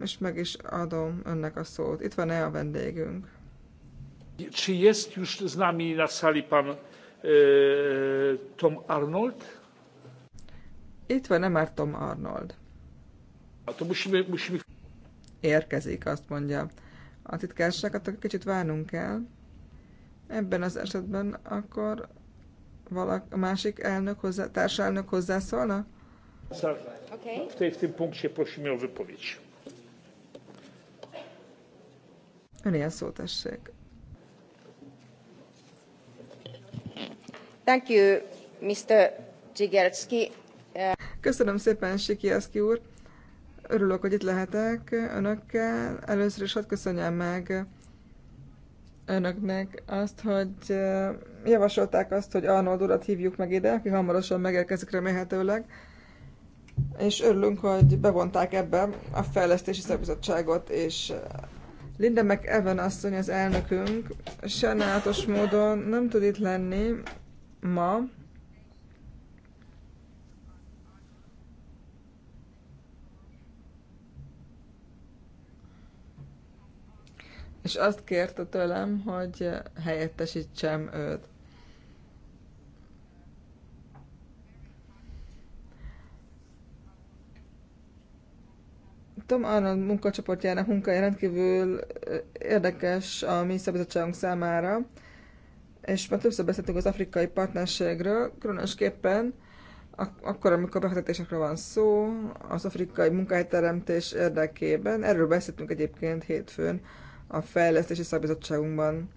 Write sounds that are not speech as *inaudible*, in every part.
és meg is adom önnek a szót. Itt van-e a vendégünk? Czy jest już z nami na sali pan e, Tom Arnold? Itt van-e már Tom Arnold? To musimy, musimy... Érkezik, azt mondja. A akkor kicsit várnunk kell. Ebben az esetben akkor valak, a másik elnök hozzá, társelnök hozzászólna? Okay. W, tej, w tym punkcie prosimy o wypowiedź. önél szó tessék. Thank you, Mr. Zigerski. Köszönöm szépen, Sikiaszki úr. Örülök, hogy itt lehetek önökkel. Először is hadd köszönjem meg önöknek azt, hogy javasolták azt, hogy Arnold urat hívjuk meg ide, aki hamarosan megérkezik remélhetőleg, és örülünk, hogy bevonták ebbe a fejlesztési szakbizottságot és Linda McEwen asszony az elnökünk sajnálatos módon nem tud itt lenni ma. És azt kérte tőlem, hogy helyettesítsem őt. látom, arra a munkacsoportjának munkája rendkívül érdekes a mi szabadságunk számára, és már többször beszéltünk az afrikai partnerségről, különösképpen ak- akkor, amikor befektetésekről van szó, az afrikai munkahelyteremtés érdekében. Erről beszéltünk egyébként hétfőn a fejlesztési szabadságunkban.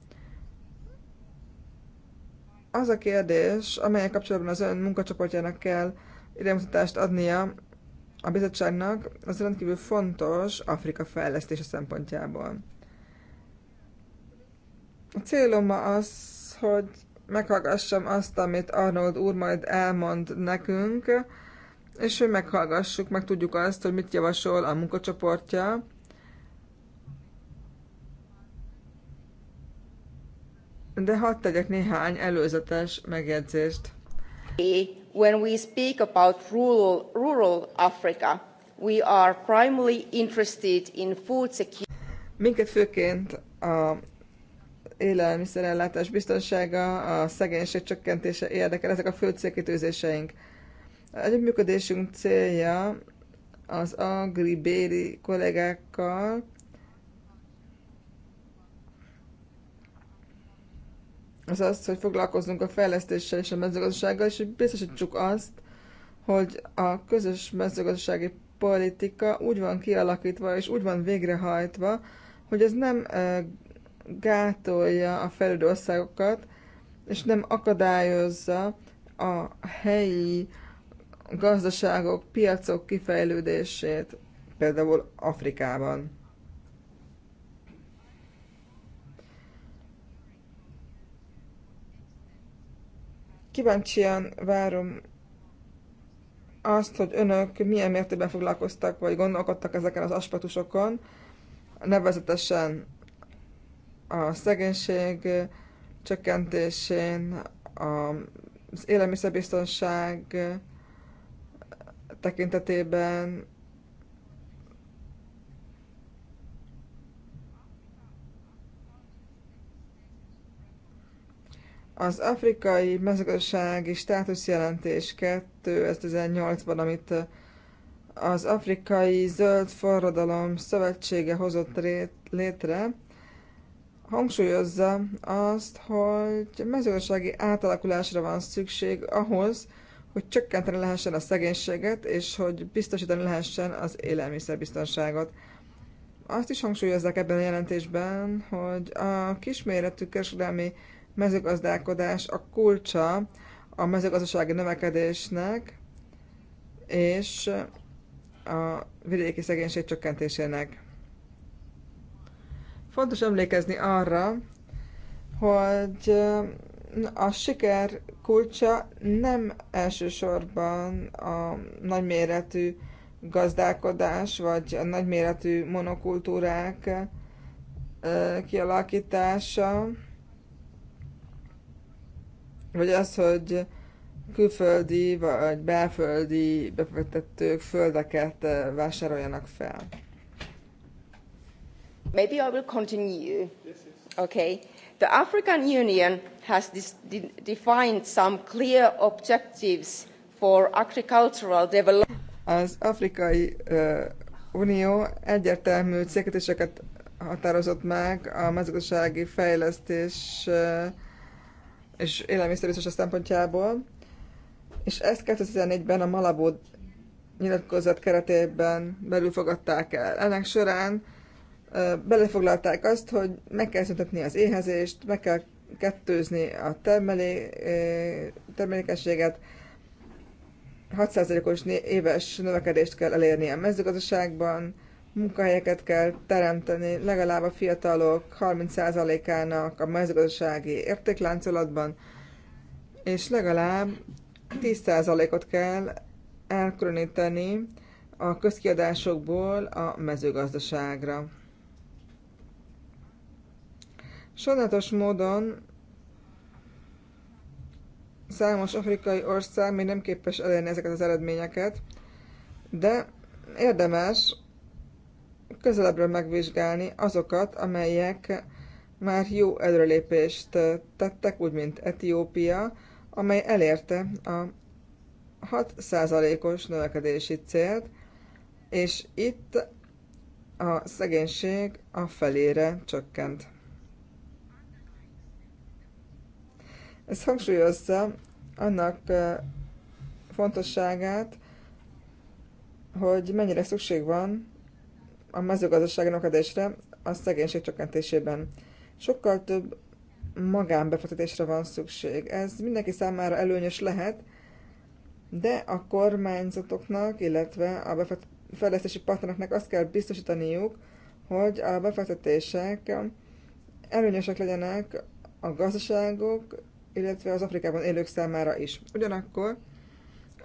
Az a kérdés, amelyek kapcsolatban az ön munkacsoportjának kell iránymutatást adnia a bizottságnak, az rendkívül fontos Afrika fejlesztése szempontjából. A célom ma az, hogy meghallgassam azt, amit Arnold úr majd elmond nekünk, és hogy meghallgassuk, meg tudjuk azt, hogy mit javasol a munkacsoportja. De hadd tegyek néhány előzetes megjegyzést. When we speak about rural, rural Africa, we are primarily interested in food security. Minket főként a élelmiszerellátás biztonsága, a szegénység csökkentése érdekel, ezek a fő célkitűzéseink. működésünk célja az agribéri kollégákkal az az, hogy foglalkozzunk a fejlesztéssel és a mezőgazdasággal, és hogy biztosítsuk azt, hogy a közös mezőgazdasági politika úgy van kialakítva és úgy van végrehajtva, hogy ez nem gátolja a fejlődő országokat, és nem akadályozza a helyi gazdaságok, piacok kifejlődését, például Afrikában. Kíváncsian várom azt, hogy önök milyen mértékben foglalkoztak, vagy gondolkodtak ezeken az aspektusokon, nevezetesen a szegénység csökkentésén, az élelmiszerbiztonság tekintetében, Az afrikai mezőgazdasági státuszjelentés 2018-ban, amit az Afrikai Zöld Forradalom Szövetsége hozott létre, hangsúlyozza azt, hogy mezőgazdasági átalakulásra van szükség ahhoz, hogy csökkenteni lehessen a szegénységet, és hogy biztosítani lehessen az élelmiszerbiztonságot. Azt is hangsúlyozzák ebben a jelentésben, hogy a kisméretű kereskedelmi mezőgazdálkodás a kulcsa a mezőgazdasági növekedésnek és a vidéki szegénység csökkentésének. Fontos emlékezni arra, hogy a siker kulcsa nem elsősorban a nagyméretű gazdálkodás, vagy a nagyméretű monokultúrák kialakítása, vagy az, hogy külföldi vagy belföldi befektetők földeket eh, vásároljanak fel. Maybe I will continue. Okay. The African Union has defined some clear objectives for agricultural development. Az Afrikai uh, Unió egyértelmű célkötéseket határozott meg a mezőgazdasági fejlesztés uh, és élelmiszerbiztos a szempontjából. És ezt 2014-ben a Malabó nyilatkozat keretében belül fogadták el. Ennek során belefoglalták azt, hogy meg kell szüntetni az éhezést, meg kell kettőzni a termelé, termelékenységet, 6%-os éves növekedést kell elérni a mezőgazdaságban, Munkahelyeket kell teremteni legalább a fiatalok 30%-ának a mezőgazdasági értékláncolatban, és legalább 10%-ot kell elkülöníteni a közkiadásokból a mezőgazdaságra. Sajnálatos módon számos afrikai ország még nem képes elérni ezeket az eredményeket, de érdemes közelebbről megvizsgálni azokat, amelyek már jó előrelépést tettek, úgy mint Etiópia, amely elérte a 6%-os növekedési célt, és itt a szegénység a felére csökkent. Ez hangsúlyozza annak fontosságát, hogy mennyire szükség van a mezőgazdaság növekedésre, a szegénység csökkentésében. Sokkal több magánbefektetésre van szükség. Ez mindenki számára előnyös lehet, de a kormányzatoknak, illetve a fejlesztési partnereknek azt kell biztosítaniuk, hogy a befektetések előnyösek legyenek a gazdaságok, illetve az Afrikában élők számára is. Ugyanakkor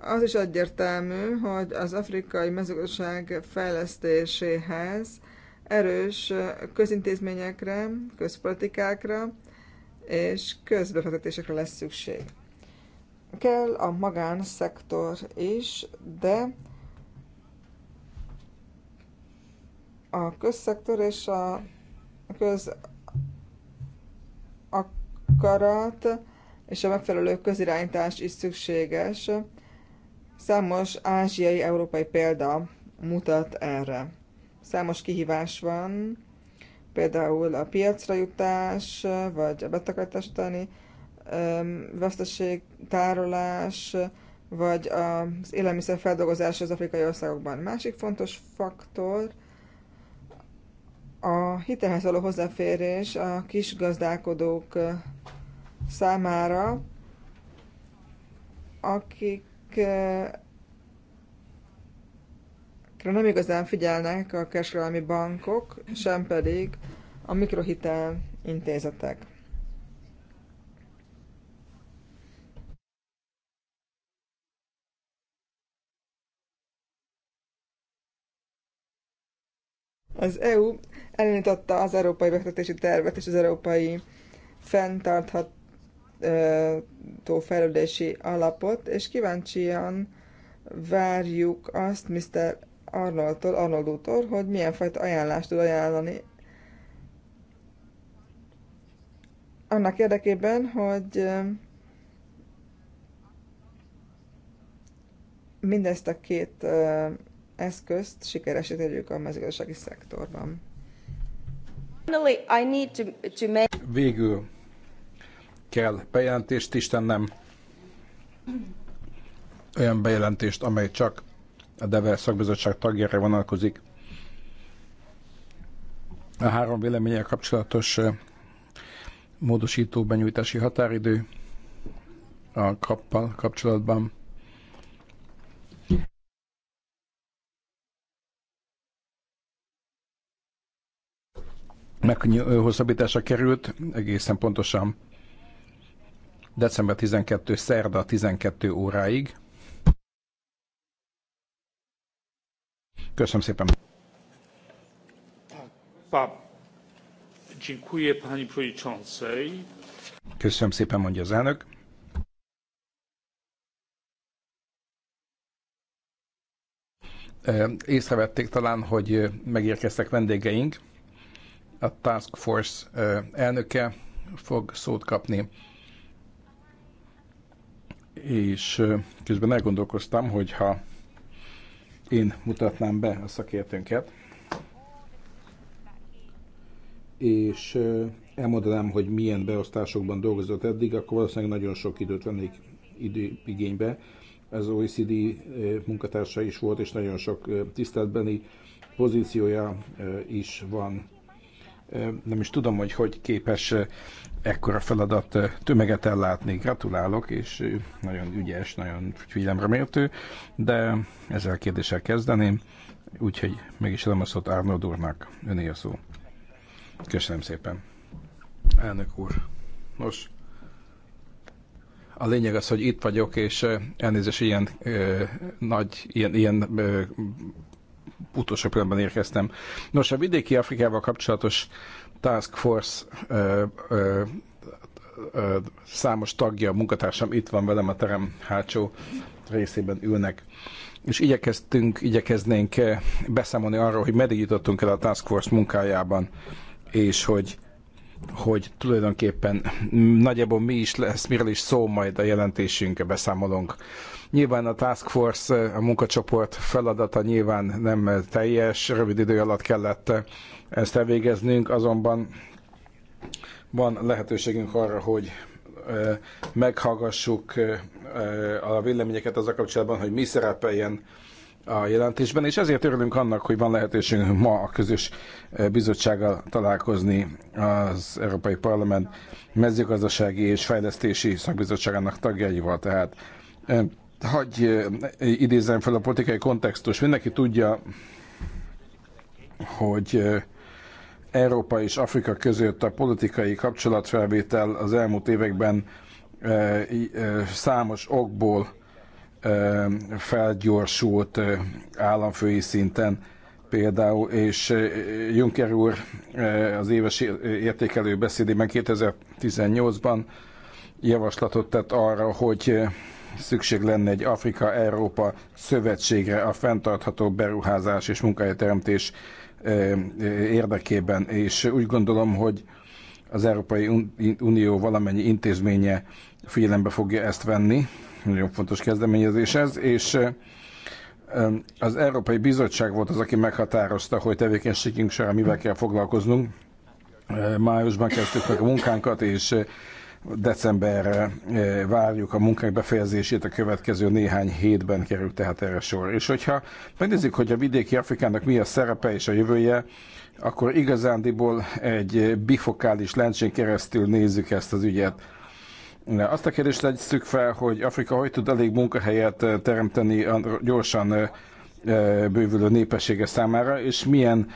az is egyértelmű, hogy az afrikai mezőgazdaság fejlesztéséhez erős közintézményekre, közpolitikákra és közbefektetésekre lesz szükség. Kell a magánszektor is, de a közszektor és a köz akarat és a megfelelő közirányítás is szükséges Számos ázsiai, európai példa mutat erre. Számos kihívás van, például a piacra jutás, vagy a betakarítástani, utáni veszteségtárolás, vagy az élelmiszer feldolgozás az afrikai országokban. Másik fontos faktor a hitelhez való hozzáférés a kis gazdálkodók számára, akik nem igazán figyelnek a kereskedelmi bankok, sem pedig a mikrohitel intézetek. Az EU elindította az európai befektetési tervet és az európai fenntarthat fejlődési alapot, és kíváncsian várjuk azt Mr. Arnoldtól, Arnold útól, hogy milyen fajta ajánlást tud ajánlani annak érdekében, hogy mindezt a két eszközt sikeresé a mezőgazdasági szektorban. Végül kell bejelentést is tennem. Olyan bejelentést, amely csak a DEVE szakbizottság tagjára vonalkozik. A három véleménye kapcsolatos módosító benyújtási határidő a kappal kapcsolatban. meghosszabbításra került, egészen pontosan december 12. szerda 12 óráig. Köszönöm szépen. Köszönöm szépen, mondja az elnök. E, észrevették talán, hogy megérkeztek vendégeink. A Task Force e, elnöke fog szót kapni és közben elgondolkoztam, hogy ha én mutatnám be a szakértőnket, és elmondanám, hogy milyen beosztásokban dolgozott eddig, akkor valószínűleg nagyon sok időt vennék időigénybe. Az OECD munkatársa is volt, és nagyon sok tiszteltbeni pozíciója is van nem is tudom, hogy hogy képes ekkora feladat tömeget ellátni. Gratulálok, és nagyon ügyes, nagyon figyelemre méltő, de ezzel a kérdéssel kezdeném, úgyhogy meg is adom a szót Arnold úrnak. Öné a szó. Köszönöm szépen. Elnök úr. Nos, a lényeg az, hogy itt vagyok, és elnézést ilyen ö, nagy, ilyen, ilyen ö, utolsó pillanatban érkeztem. Nos, a vidéki Afrikával kapcsolatos Task Force ö, ö, ö, számos tagja, munkatársam itt van velem a terem hátsó részében ülnek és igyekeztünk, igyekeznénk beszámolni arról, hogy meddig jutottunk el a Task Force munkájában, és hogy hogy tulajdonképpen nagyjából mi is lesz, miről is szó majd a jelentésünk, beszámolunk. Nyilván a Task Force, a munkacsoport feladata nyilván nem teljes, rövid idő alatt kellett ezt elvégeznünk, azonban van lehetőségünk arra, hogy meghallgassuk a véleményeket az a kapcsolatban, hogy mi szerepeljen a jelentésben, és ezért örülünk annak, hogy van lehetőségünk ma a közös bizottsággal találkozni az Európai Parlament mezőgazdasági és fejlesztési szakbizottságának tagjaival. Tehát Hagy idézem fel a politikai kontextus. Mindenki tudja, hogy Európa és Afrika között a politikai kapcsolatfelvétel az elmúlt években számos okból felgyorsult államfői szinten például, és Juncker úr az éves értékelő beszédében 2018-ban javaslatot tett arra, hogy szükség lenne egy Afrika-Európa szövetségre a fenntartható beruházás és munkahelyteremtés érdekében, és úgy gondolom, hogy az Európai Unió valamennyi intézménye figyelembe fogja ezt venni. Nagyon fontos kezdeményezés ez, és az Európai Bizottság volt az, aki meghatározta, hogy tevékenységünk során mivel kell foglalkoznunk. Májusban kezdtük meg a munkánkat, és decemberre eh, várjuk a munkák befejezését, a következő néhány hétben kerül tehát erre sor. És hogyha megnézzük, hogy a vidéki Afrikának mi a szerepe és a jövője, akkor igazándiból egy bifokális lencsén keresztül nézzük ezt az ügyet. Azt a kérdést tegyük fel, hogy Afrika hogy tud elég munkahelyet eh, teremteni a gyorsan eh, bővülő népessége számára, és milyen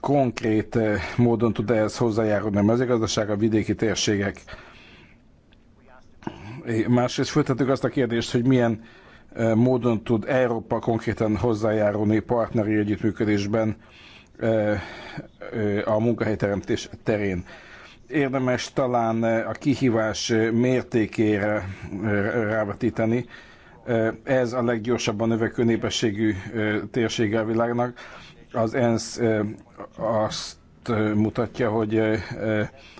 konkrét módon tud ehhez hozzájárulni a mezőgazdaság, a vidéki térségek Másrészt föltettük azt a kérdést, hogy milyen e, módon tud Európa konkrétan hozzájárulni partneri együttműködésben e, e, a munkahelyteremtés terén. Érdemes talán a kihívás mértékére rávetíteni. Ez a leggyorsabban növekvő népességű térsége a világnak. Az ENSZ azt mutatja, hogy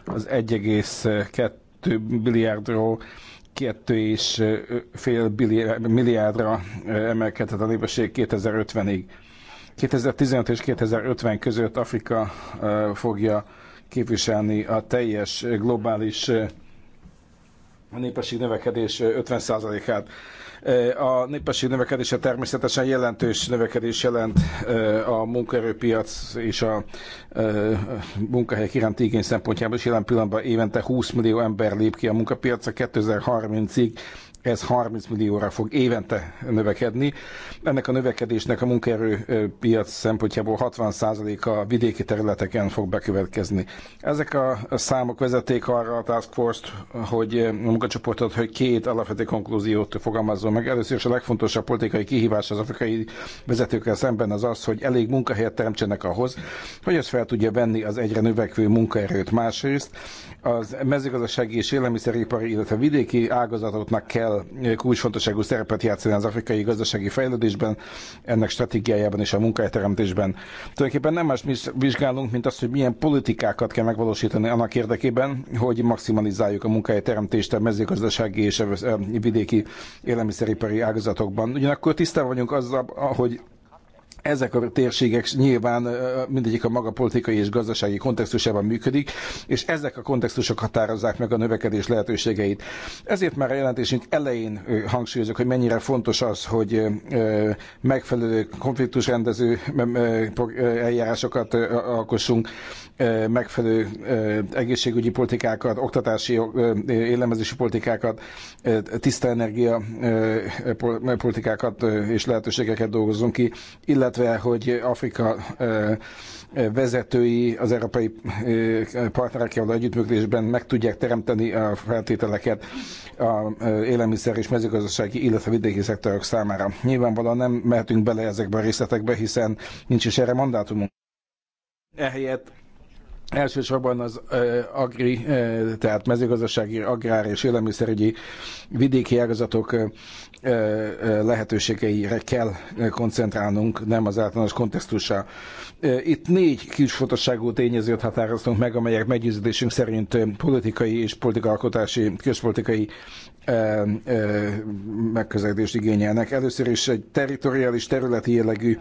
az 1,2 milliárdról kettő és fél milliárdra emelkedhet a népesség 2050-ig. 2015 és 2050 között Afrika fogja képviselni a teljes globális népesség növekedés 50%-át. E, a népesség növekedése természetesen jelentős növekedés jelent e, a munkaerőpiac és a e, munkahelyek iránti igény szempontjából, is jelen pillanatban évente 20 millió ember lép ki a munkapiacra 2030-ig ez 30 millióra fog évente növekedni. Ennek a növekedésnek a munkaerőpiac szempontjából 60%-a vidéki területeken fog bekövetkezni. Ezek a számok vezeték arra a Task Force-t, hogy a munkacsoportot, hogy két alapvető konklúziót fogalmazzon meg. Először is a legfontosabb politikai kihívás az afrikai vezetőkkel szemben az az, hogy elég munkahelyet teremtsenek ahhoz, hogy ez fel tudja venni az egyre növekvő munkaerőt másrészt. Az mezőgazdasági és élelmiszeripari, illetve vidéki ágazatoknak kell kulcsfontosságú szerepet játszani az afrikai gazdasági fejlődésben, ennek stratégiájában és a munkahelyteremtésben. Tulajdonképpen nem más vizsgálunk, mint azt, hogy milyen politikákat kell megvalósítani annak érdekében, hogy maximalizáljuk a munkahelyteremtést a mezőgazdasági és a vidéki élelmiszer élelmiszeripari ágazatokban. Ugyanakkor tisztában vagyunk azzal, hogy ezek a térségek nyilván mindegyik a maga politikai és gazdasági kontextusában működik, és ezek a kontextusok határozzák meg a növekedés lehetőségeit. Ezért már a jelentésünk elején hangsúlyozok, hogy mennyire fontos az, hogy megfelelő konfliktusrendező eljárásokat alkossunk, megfelelő egészségügyi politikákat, oktatási, élelmezési politikákat, tiszta energia politikákat és lehetőségeket dolgozzunk ki, illetve hogy Afrika vezetői az európai partnerekkel való együttműködésben meg tudják teremteni a feltételeket a élelmiszer és mezőgazdasági, illetve vidéki szektorok számára. Nyilvánvalóan nem mehetünk bele ezekbe a részletekbe, hiszen nincs is erre mandátumunk. Ehelyett Elsősorban az ö, agri, ö, tehát mezőgazdasági, agrár és élelmiszerügyi vidéki ágazatok lehetőségeire kell koncentrálnunk, nem az általános kontextusra. Itt négy kisfontosságú tényezőt határoztunk meg, amelyek meggyőződésünk szerint politikai és politikalkotási, közpolitikai megközelítést igényelnek. Először is egy territoriális, területi jellegű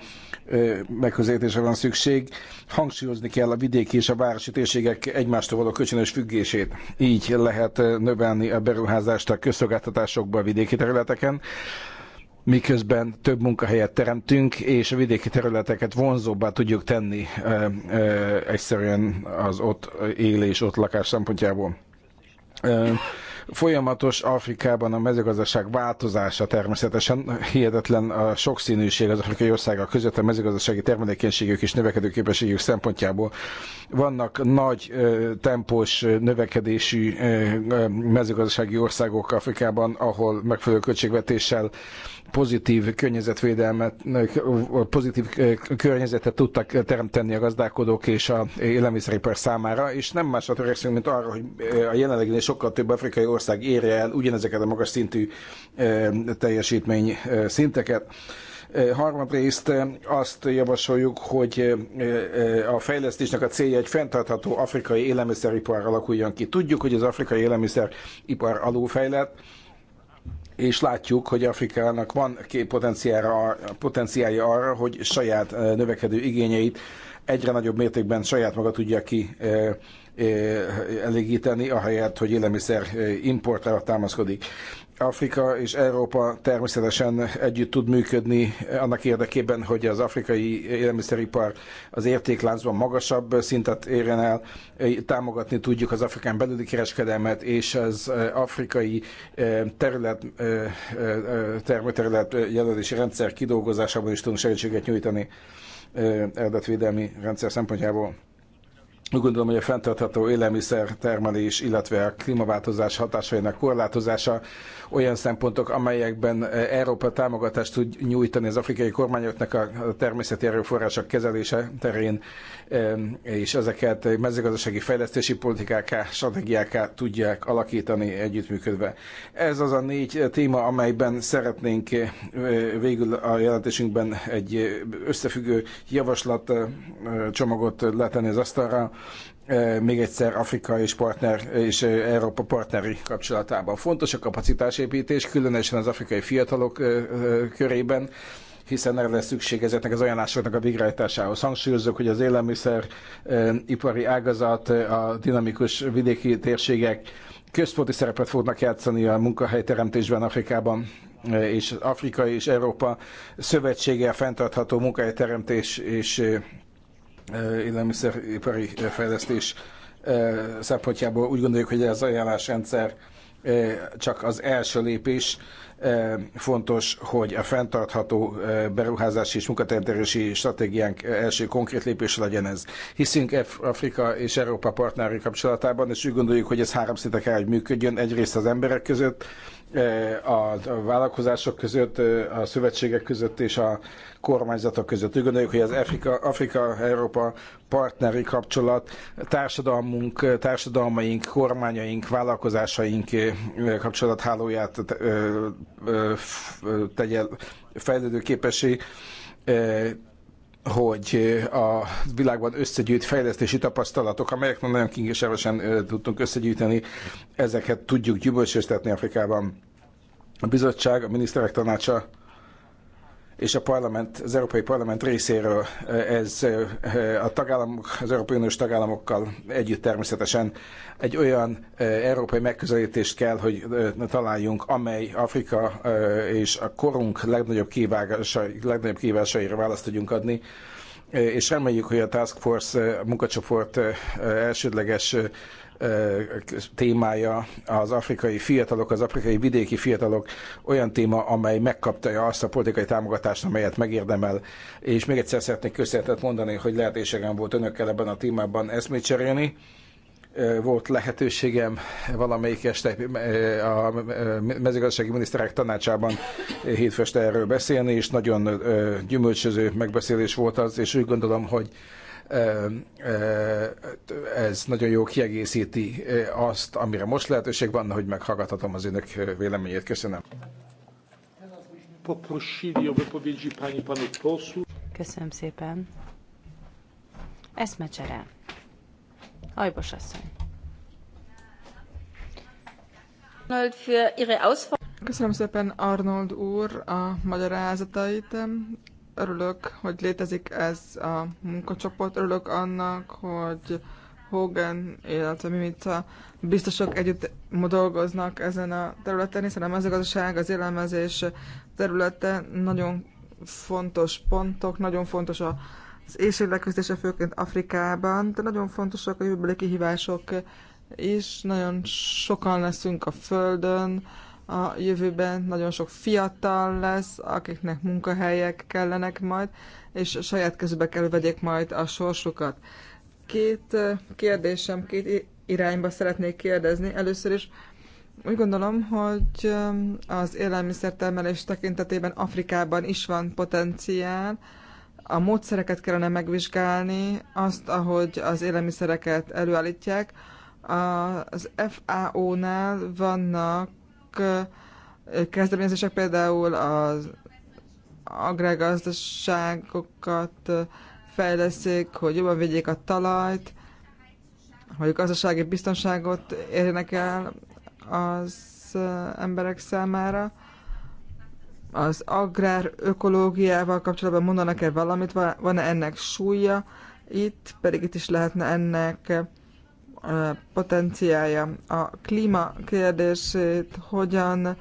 megközelítésre van szükség. Hangsúlyozni kell a vidéki és a városi térségek egymástól való kölcsönös függését. Így lehet növelni a beruházást a közszolgáltatásokba a vidéki területeken miközben több munkahelyet teremtünk, és a vidéki területeket vonzóbbá tudjuk tenni e, e, egyszerűen az ott élés, ott lakás szempontjából. E, Folyamatos Afrikában a mezőgazdaság változása természetesen hihetetlen a sokszínűség az afrikai országok között a mezőgazdasági termelékenységük és növekedőképességük szempontjából. Vannak nagy tempós növekedésű mezőgazdasági országok Afrikában, ahol megfelelő költségvetéssel pozitív környezetvédelmet, pozitív eh, környezetet tudtak teremteni a gazdálkodók és a élelmiszeripar számára, és nem másra törekszünk, mint arra, hogy eh, a jelenlegnél sokkal több afrikai ország érje el ugyanezeket a magas szintű eh, teljesítmény szinteket. Harmadrészt azt javasoljuk, hogy a fejlesztésnek a célja egy fenntartható afrikai élelmiszeripar alakuljon ki. Tudjuk, hogy az afrikai élelmiszeripar alulfejlett, és látjuk, hogy Afrikának van két potenciálja arra, hogy saját növekedő igényeit egyre nagyobb mértékben saját maga tudja ki elégíteni, ahelyett, hogy élelmiszer importra támaszkodik. Afrika és Európa természetesen együtt tud működni annak érdekében, hogy az afrikai élelmiszeripar az értékláncban magasabb szintet érjen el, támogatni tudjuk az afrikán belüli kereskedelmet és az afrikai terület, termőterület jelölési rendszer kidolgozásában is tudunk segítséget nyújtani eredetvédelmi rendszer szempontjából úgy gondolom, hogy a fenntartható élelmiszer termelés, illetve a klímaváltozás hatásainak korlátozása olyan szempontok, amelyekben eh, Európa támogatást tud nyújtani az afrikai kormányoknak a természeti erőforrások kezelése terén, és ezeket mezőgazdasági fejlesztési politikáká, stratégiáká tudják alakítani együttműködve. Ez az a négy eh, téma, amelyben szeretnénk eh, végül a jelentésünkben egy összefüggő javaslat csomagot letenni az asztalra, még egyszer Afrika és, partner, és Európa partneri kapcsolatában. Fontos a kapacitásépítés, különösen az afrikai fiatalok körében, hiszen erre lesz szükség ezeknek az ajánlásoknak a végrehajtásához. Hangsúlyozok, hogy az élelmiszer ipari ágazat, a dinamikus vidéki térségek központi szerepet fognak játszani a munkahelyteremtésben Afrikában és Afrika és Európa szövetsége a fenntartható munkahelyteremtés és élelmiszeripari fejlesztés szempontjából úgy gondoljuk, hogy ez ajánlásrendszer csak az első lépés. Fontos, hogy a fenntartható beruházási és munkaterjesztési stratégiánk első konkrét lépése legyen ez. Hiszünk Afrika és Európa partneri kapcsolatában, és úgy gondoljuk, hogy ez három szinten kell, hogy működjön. Egyrészt az emberek között, a vállalkozások között, a szövetségek között és a kormányzatok között. Úgy gondoljuk, hogy az Afrika-Európa Afrika, partneri kapcsolat társadalmunk, társadalmaink, kormányaink, vállalkozásaink kapcsolathálóját tegye képesség hogy a világban összegyűjt fejlesztési tapasztalatok, amelyek nagyon kingesevesen tudtunk összegyűjteni, ezeket tudjuk gyümölcsöztetni Afrikában. A bizottság, a miniszterek tanácsa és a parlament, az Európai Parlament részéről eh, ez eh, a tagállamok, az Európai Uniós tagállamokkal együtt természetesen egy olyan eh, európai megközelítést kell, hogy találjunk, amely Afrika és a korunk legnagyobb, kívásai, legnagyobb kívásaira választ tudjunk adni, és reméljük, hogy a Task Force munkacsoport elsődleges témája, az afrikai fiatalok, az afrikai vidéki fiatalok olyan téma, amely megkapta azt a politikai támogatást, amelyet megérdemel. És még egyszer szeretnék köszönetet mondani, hogy lehetőségem volt önökkel ebben a témában eszmét cserélni volt lehetőségem valamelyik este a mezőgazdasági miniszterek tanácsában hétfeste erről beszélni, és nagyon gyümölcsöző megbeszélés volt az, és úgy gondolom, hogy ez nagyon jó kiegészíti azt, amire most lehetőség van, hogy meghallgathatom az önök véleményét. Köszönöm. Köszönöm szépen. Eszmecsere. Hajbos asszony. Köszönöm szépen Arnold úr a magyarázatait örülök, hogy létezik ez a munkacsoport, örülök annak, hogy Hogan, illetve Mimica biztosok együtt dolgoznak ezen a területen, hiszen a mezőgazdaság, az élelmezés területe nagyon fontos pontok, nagyon fontos a az éjségleközdése főként Afrikában, de nagyon fontosak a jövőbeli kihívások is, nagyon sokan leszünk a Földön, a jövőben nagyon sok fiatal lesz, akiknek munkahelyek kellenek majd, és saját kezükbe kell vegyék majd a sorsukat. Két kérdésem, két irányba szeretnék kérdezni. Először is úgy gondolom, hogy az élelmiszertermelés tekintetében Afrikában is van potenciál. A módszereket kellene megvizsgálni, azt, ahogy az élelmiszereket előállítják. Az FAO-nál vannak kezdeményezések, például az agrárgazdaságokat fejleszik, hogy jobban vigyék a talajt, hogy gazdasági biztonságot érjenek el az emberek számára. Az agrár ökológiával kapcsolatban mondanak-e valamit, van-e ennek súlya, itt pedig itt is lehetne ennek potenciája. A klíma kérdését hogyan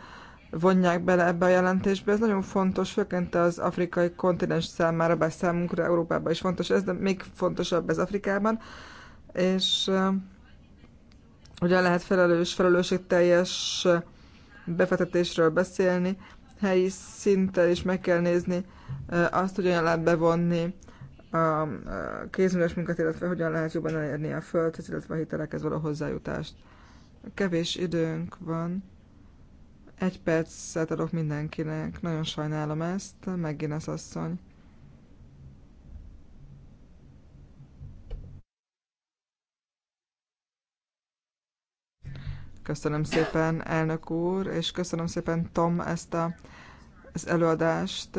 vonják bele ebbe a jelentésbe. Ez nagyon fontos, főként az afrikai kontinens számára, bár számunkra Európában is fontos ez, de még fontosabb ez Afrikában. És hogyan lehet felelős, felelősségteljes befektetésről beszélni, helyi szinten is meg kell nézni azt, hogy hogyan lehet bevonni a kézműves munkát, illetve hogyan lehet jobban elérni a földhez, illetve a hitelekhez való hozzájutást. Kevés időnk van. Egy percet adok mindenkinek. Nagyon sajnálom ezt, megint az asszony. Köszönöm szépen, elnök úr, és köszönöm szépen, Tom, ezt a, az előadást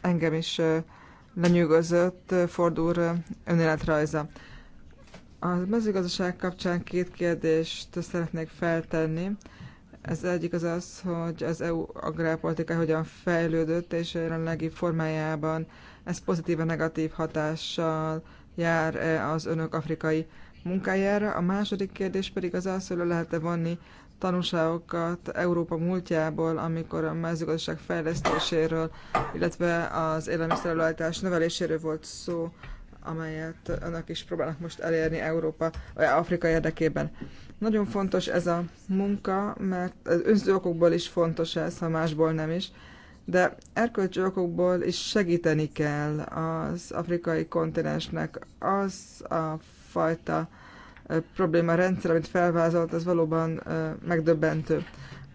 engem is lenyűgözött Fordúr önéletrajza. A mezőgazdaság kapcsán két kérdést szeretnék feltenni. Ez egyik az az, hogy az EU agrárpolitika hogyan fejlődött, és jelenlegi formájában ez pozitív negatív hatással jár -e az önök afrikai munkájára. A második kérdés pedig az az, hogy le lehet-e vonni tanulságokat Európa múltjából, amikor a mezőgazdaság fejlesztéséről, illetve az élelmiszerelőállítás növeléséről volt szó, amelyet önök is próbálnak most elérni Európa, vagy Afrika érdekében. Nagyon fontos ez a munka, mert az önző okokból is fontos ez, ha másból nem is, de erkölcsi okokból is segíteni kell az afrikai kontinensnek az a fajta uh, probléma rendszer, amit felvázolt, az valóban megdöbbentő.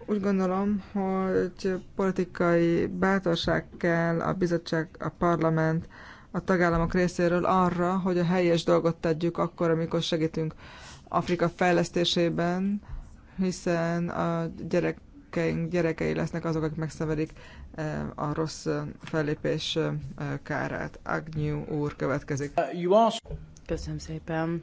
Úgy gondolom, hogy politikai bátorság kell a bizottság, a parlament, a tagállamok részéről arra, hogy a helyes dolgot tegyük akkor, amikor segítünk Afrika fejlesztésében, hiszen a gyerekeink gyerekei lesznek azok, akik megszenvedik a rossz fellépés kárát. Agnew úr következik. Uh, Köszönöm szépen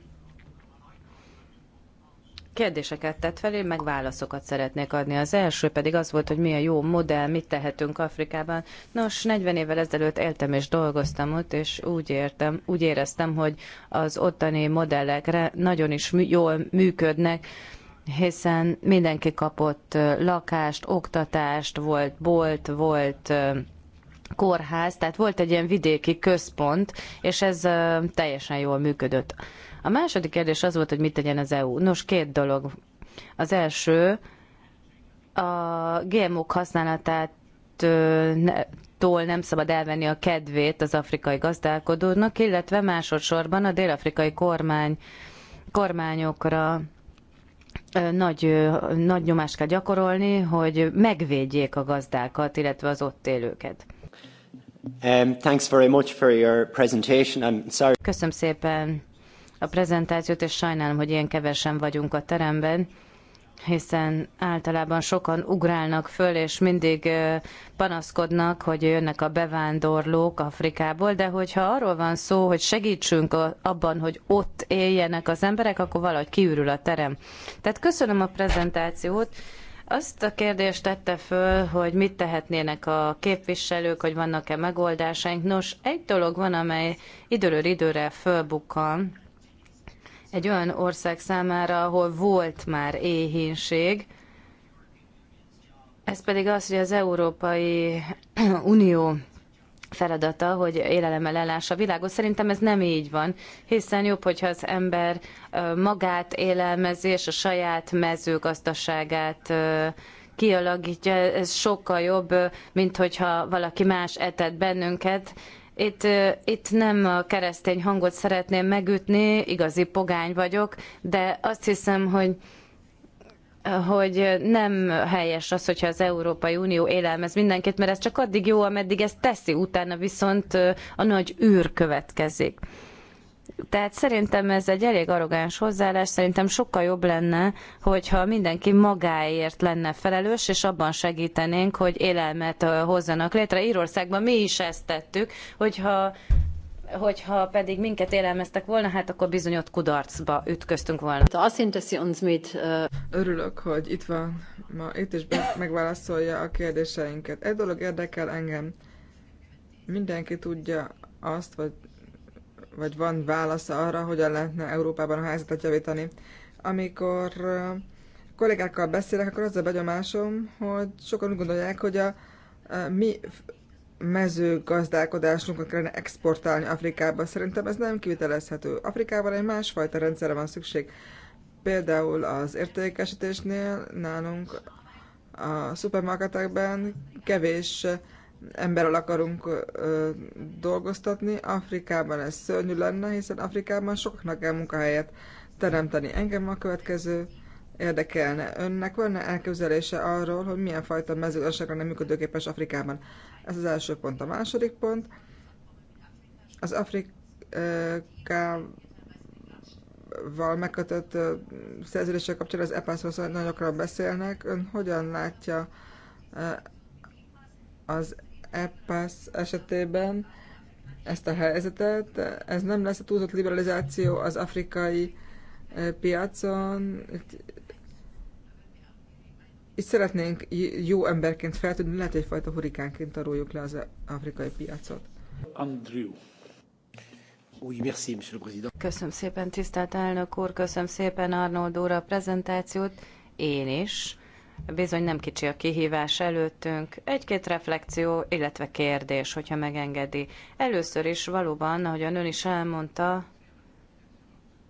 kérdéseket tett fel, én meg válaszokat szeretnék adni. Az első pedig az volt, hogy mi a jó modell, mit tehetünk Afrikában. Nos, 40 évvel ezelőtt éltem és dolgoztam ott, és úgy, értem, úgy éreztem, hogy az ottani modellekre nagyon is jól működnek, hiszen mindenki kapott lakást, oktatást, volt bolt, volt kórház, tehát volt egy ilyen vidéki központ, és ez teljesen jól működött. A második kérdés az volt, hogy mit tegyen az EU. Nos, két dolog. Az első, a GMO-k használatát tól nem szabad elvenni a kedvét az afrikai gazdálkodónak, illetve másodszorban a dél-afrikai kormány, kormányokra nagy, nagy nyomást kell gyakorolni, hogy megvédjék a gazdákat, illetve az ott élőket. Um, thanks very much for your presentation. I'm sorry. Köszönöm szépen a prezentációt, és sajnálom, hogy ilyen kevesen vagyunk a teremben, hiszen általában sokan ugrálnak föl, és mindig panaszkodnak, hogy jönnek a bevándorlók Afrikából, de hogyha arról van szó, hogy segítsünk abban, hogy ott éljenek az emberek, akkor valahogy kiürül a terem. Tehát köszönöm a prezentációt. Azt a kérdést tette föl, hogy mit tehetnének a képviselők, hogy vannak-e megoldásaink. Nos, egy dolog van, amely időről időre fölbukkan, egy olyan ország számára, ahol volt már éhínség. Ez pedig az, hogy az Európai *clears throat* Unió feladata, hogy élelemmel ellássa a világot. Szerintem ez nem így van, hiszen jobb, hogyha az ember magát élelmezi, és a saját mezőgazdaságát kialakítja, ez sokkal jobb, mint hogyha valaki más etet bennünket, itt, itt nem a keresztény hangot szeretném megütni, igazi pogány vagyok, de azt hiszem, hogy hogy nem helyes az, hogyha az Európai Unió élelmez mindenkit, mert ez csak addig jó, ameddig ezt teszi, utána viszont a nagy űr következik. Tehát szerintem ez egy elég arrogáns hozzáállás, szerintem sokkal jobb lenne, hogyha mindenki magáért lenne felelős, és abban segítenénk, hogy élelmet hozzanak létre. Írországban mi is ezt tettük, hogyha hogyha pedig minket élelmeztek volna, hát akkor bizony ott kudarcba ütköztünk volna. Hát, Örülök, hogy itt van ma, itt is megválaszolja a kérdéseinket. Egy dolog érdekel engem. Mindenki tudja azt, vagy vagy van válasza arra, hogyan lehetne Európában a helyzetet javítani. Amikor kollégákkal beszélek, akkor az a begyomásom, hogy sokan úgy gondolják, hogy a, a mi mezőgazdálkodásunkat kellene exportálni Afrikába. Szerintem ez nem kivitelezhető. Afrikában egy másfajta rendszerre van szükség. Például az értékesítésnél nálunk a szupermarketekben kevés emberrel akarunk ö, dolgoztatni. Afrikában ez szörnyű lenne, hiszen Afrikában soknak kell munkahelyet teremteni. Engem a következő érdekelne. Önnek van-e elképzelése arról, hogy milyen fajta mezőgazdaságra nem működőképes Afrikában? Ez az első pont. A második pont, az Afrikával megkötött szerződéssel kapcsolatban az EPAS-hoz nagyon beszélnek. Ön hogyan látja az EPPAS esetében ezt a helyzetet. Ez nem lesz a túlzott liberalizáció az afrikai e, piacon. Itt szeretnénk jó emberként feltűnni, lehet egyfajta hurikánként taroljuk le az afrikai piacot. Andrew. Köszönöm szépen, tisztelt elnök úr, köszönöm szépen Arnold úr a prezentációt. Én is Bizony nem kicsi a kihívás előttünk. Egy-két reflexió, illetve kérdés, hogyha megengedi. Először is valóban, a ön is elmondta,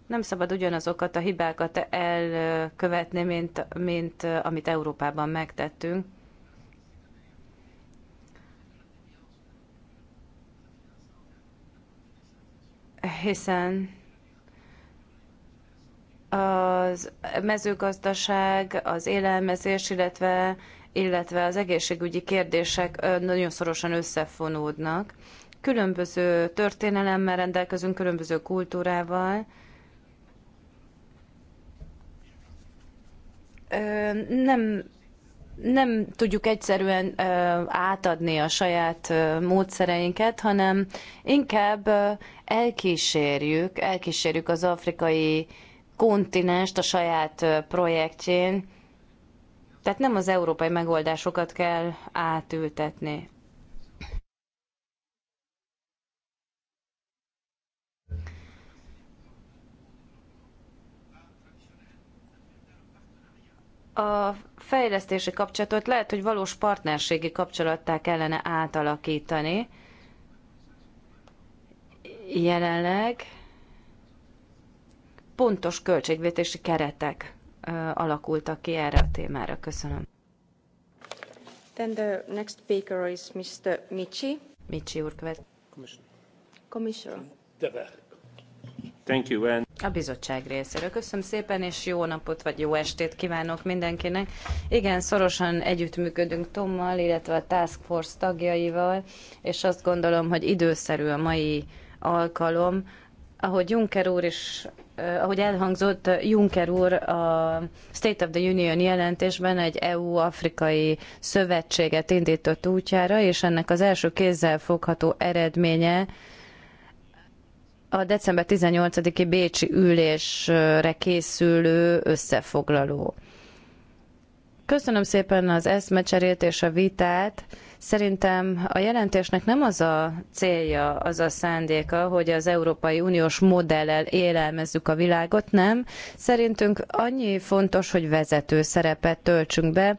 nem szabad ugyanazokat a hibákat elkövetni, mint, mint amit Európában megtettünk. Hiszen az mezőgazdaság, az élelmezés, illetve, illetve az egészségügyi kérdések nagyon szorosan összefonódnak. Különböző történelemmel rendelkezünk, különböző kultúrával, nem, nem tudjuk egyszerűen átadni a saját módszereinket, hanem inkább elkísérjük, elkísérjük az afrikai Kontinens, a saját projektjén. Tehát nem az európai megoldásokat kell átültetni. A fejlesztési kapcsolatot lehet, hogy valós partnerségi kapcsolattá kellene átalakítani jelenleg pontos költségvetési keretek alakultak ki erre a témára. Köszönöm. Then the next speaker is Mr. Michi. Michi úr követ. Commissioner. Commissioner. Thank you, and... A bizottság részéről. Köszönöm szépen, és jó napot vagy jó estét kívánok mindenkinek. Igen, szorosan együttműködünk Tommal, illetve a Task Force tagjaival, és azt gondolom, hogy időszerű a mai alkalom. Ahogy Juncker úr is Eh, ahogy elhangzott, Juncker úr a State of the Union jelentésben egy EU-afrikai szövetséget indított útjára, és ennek az első kézzel fogható eredménye a december 18-i Bécsi ülésre készülő összefoglaló. Köszönöm szépen az eszmecserét és a vitát. Szerintem a jelentésnek nem az a célja, az a szándéka, hogy az Európai Uniós modellel élelmezzük a világot, nem. Szerintünk annyi fontos, hogy vezető szerepet töltsünk be,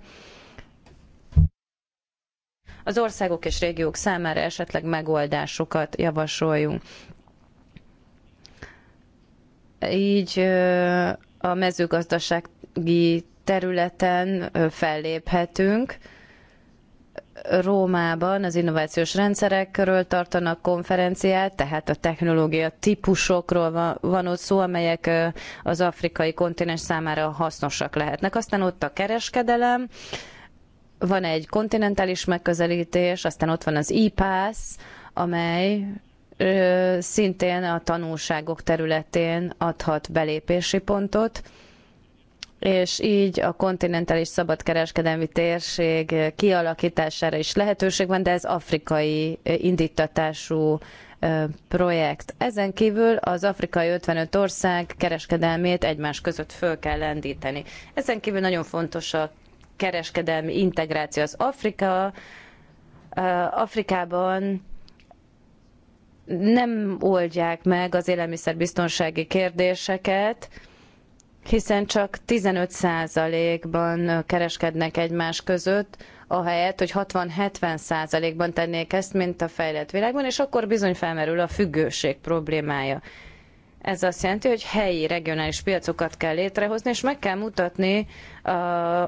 az országok és régiók számára esetleg megoldásokat javasoljunk. Így a mezőgazdasági területen felléphetünk. Rómában az innovációs rendszerekről tartanak konferenciát, tehát a technológia típusokról van ott szó, amelyek az afrikai kontinens számára hasznosak lehetnek. Aztán ott a kereskedelem, van egy kontinentális megközelítés, aztán ott van az e amely szintén a tanulságok területén adhat belépési pontot és így a kontinentális szabadkereskedelmi térség kialakítására is lehetőség van, de ez afrikai eh, indítatású eh, projekt. Ezen kívül az afrikai 55 ország kereskedelmét egymás között föl kell lendíteni. Ezen kívül nagyon fontos a kereskedelmi integráció. Az Afrika, eh, Afrikában nem oldják meg az élelmiszerbiztonsági kérdéseket, hiszen csak 15%-ban kereskednek egymás között, ahelyett, hogy 60-70%-ban tennék ezt, mint a fejlett világban, és akkor bizony felmerül a függőség problémája. Ez azt jelenti, hogy helyi, regionális piacokat kell létrehozni, és meg kell mutatni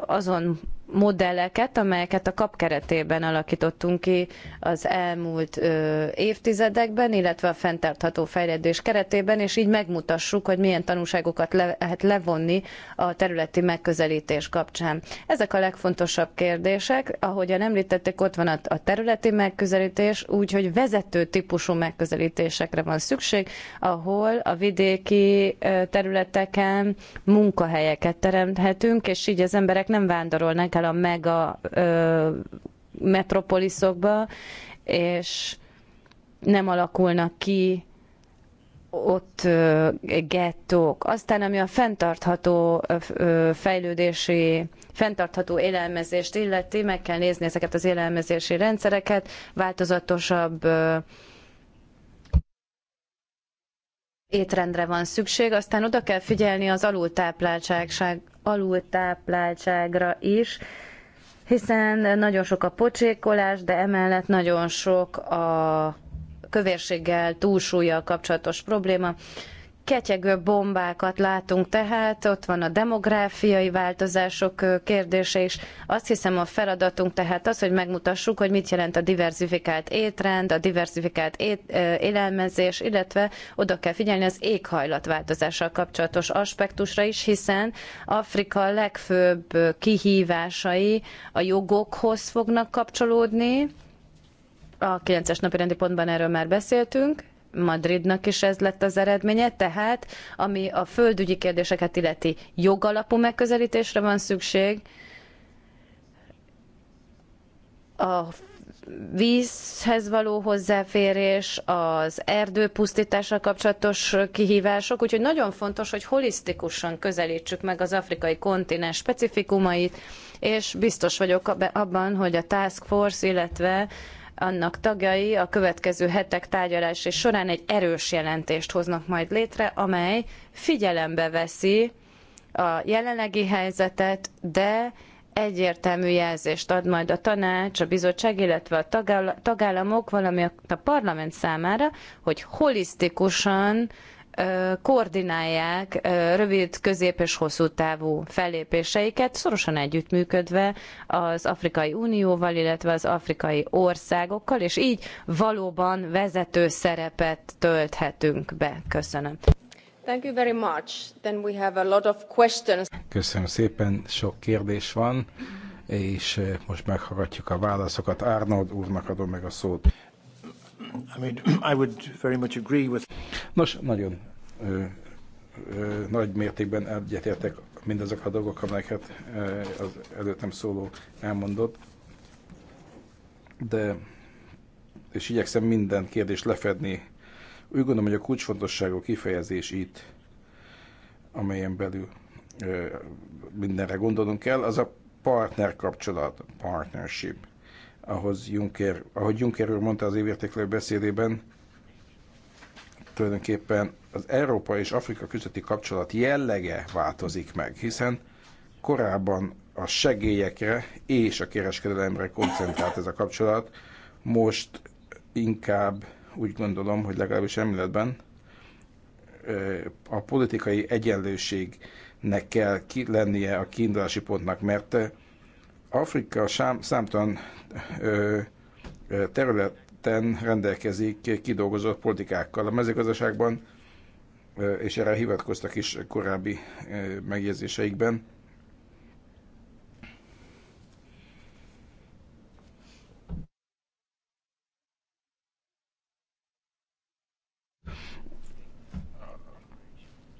azon modelleket, amelyeket a kap keretében alakítottunk ki az elmúlt ö, évtizedekben, illetve a fenntartható fejlődés keretében, és így megmutassuk, hogy milyen tanulságokat le, lehet levonni a területi megközelítés kapcsán. Ezek a legfontosabb kérdések. Ahogyan említették, ott van a, a területi megközelítés, úgyhogy vezető típusú megközelítésekre van szükség, ahol a vidéki területeken munkahelyeket teremthetünk, és így az emberek nem vándorolnak kell a mega ö, metropoliszokba, és nem alakulnak ki ott ö, gettók. Aztán, ami a fenntartható ö, fejlődési, fenntartható élelmezést illeti, meg kell nézni ezeket az élelmezési rendszereket, változatosabb ö, étrendre van szükség, aztán oda kell figyelni az alultápláltság, alultápláltságra is, hiszen nagyon sok a pocsékolás, de emellett nagyon sok a kövérséggel, túlsúlyjal kapcsolatos probléma. Ketyegő bombákat látunk tehát, ott van a demográfiai változások kérdése is. Azt hiszem a feladatunk tehát az, hogy megmutassuk, hogy mit jelent a diversifikált étrend, a diversifikált ét, élelmezés, illetve oda kell figyelni az éghajlatváltozással kapcsolatos aspektusra is, hiszen Afrika legfőbb kihívásai a jogokhoz fognak kapcsolódni. A 9-es napi rendi pontban erről már beszéltünk, Madridnak is ez lett az eredménye, tehát ami a földügyi kérdéseket illeti jogalapú megközelítésre van szükség, a vízhez való hozzáférés, az erdőpusztítással kapcsolatos kihívások, úgyhogy nagyon fontos, hogy holisztikusan közelítsük meg az afrikai kontinens specifikumait, és biztos vagyok abban, hogy a Task Force, illetve annak tagjai a következő hetek tárgyalásai során egy erős jelentést hoznak majd létre, amely figyelembe veszi a jelenlegi helyzetet, de egyértelmű jelzést ad majd a tanács, a bizottság, illetve a tagállamok, valamint a parlament számára, hogy holisztikusan koordinálják rövid, közép és hosszú távú fellépéseiket, szorosan együttműködve az Afrikai Unióval, illetve az afrikai országokkal, és így valóban vezető szerepet tölthetünk be. Köszönöm. Thank you very much. Then we have a lot of questions. Köszönöm szépen, sok kérdés van, és most meghallgatjuk a válaszokat. Arnold úrnak adom meg a szót. I mean, *clears throat* I would very much agree with... Nos, nagyon ö, ö, nagy mértékben egyetértek mindazok a dolgok, amelyeket ö, az előttem szóló elmondott, de és igyekszem minden kérdést lefedni. Úgy gondolom, hogy a kulcsfontosságú kifejezés itt, amelyen belül ö, mindenre gondolnunk kell, az a partner kapcsolat, partnership ahhoz Juncker, ahogy Juncker úr mondta az évértékelő beszédében, tulajdonképpen az Európa és Afrika közötti kapcsolat jellege változik meg, hiszen korábban a segélyekre és a kereskedelemre koncentrált ez a kapcsolat, most inkább úgy gondolom, hogy legalábbis emléletben a politikai egyenlőségnek kell lennie a kiindulási pontnak, mert Afrika szám, számtalan ö, területen rendelkezik kidolgozott politikákkal. A mezőgazdaságban, és erre hivatkoztak is korábbi megjegyzéseikben,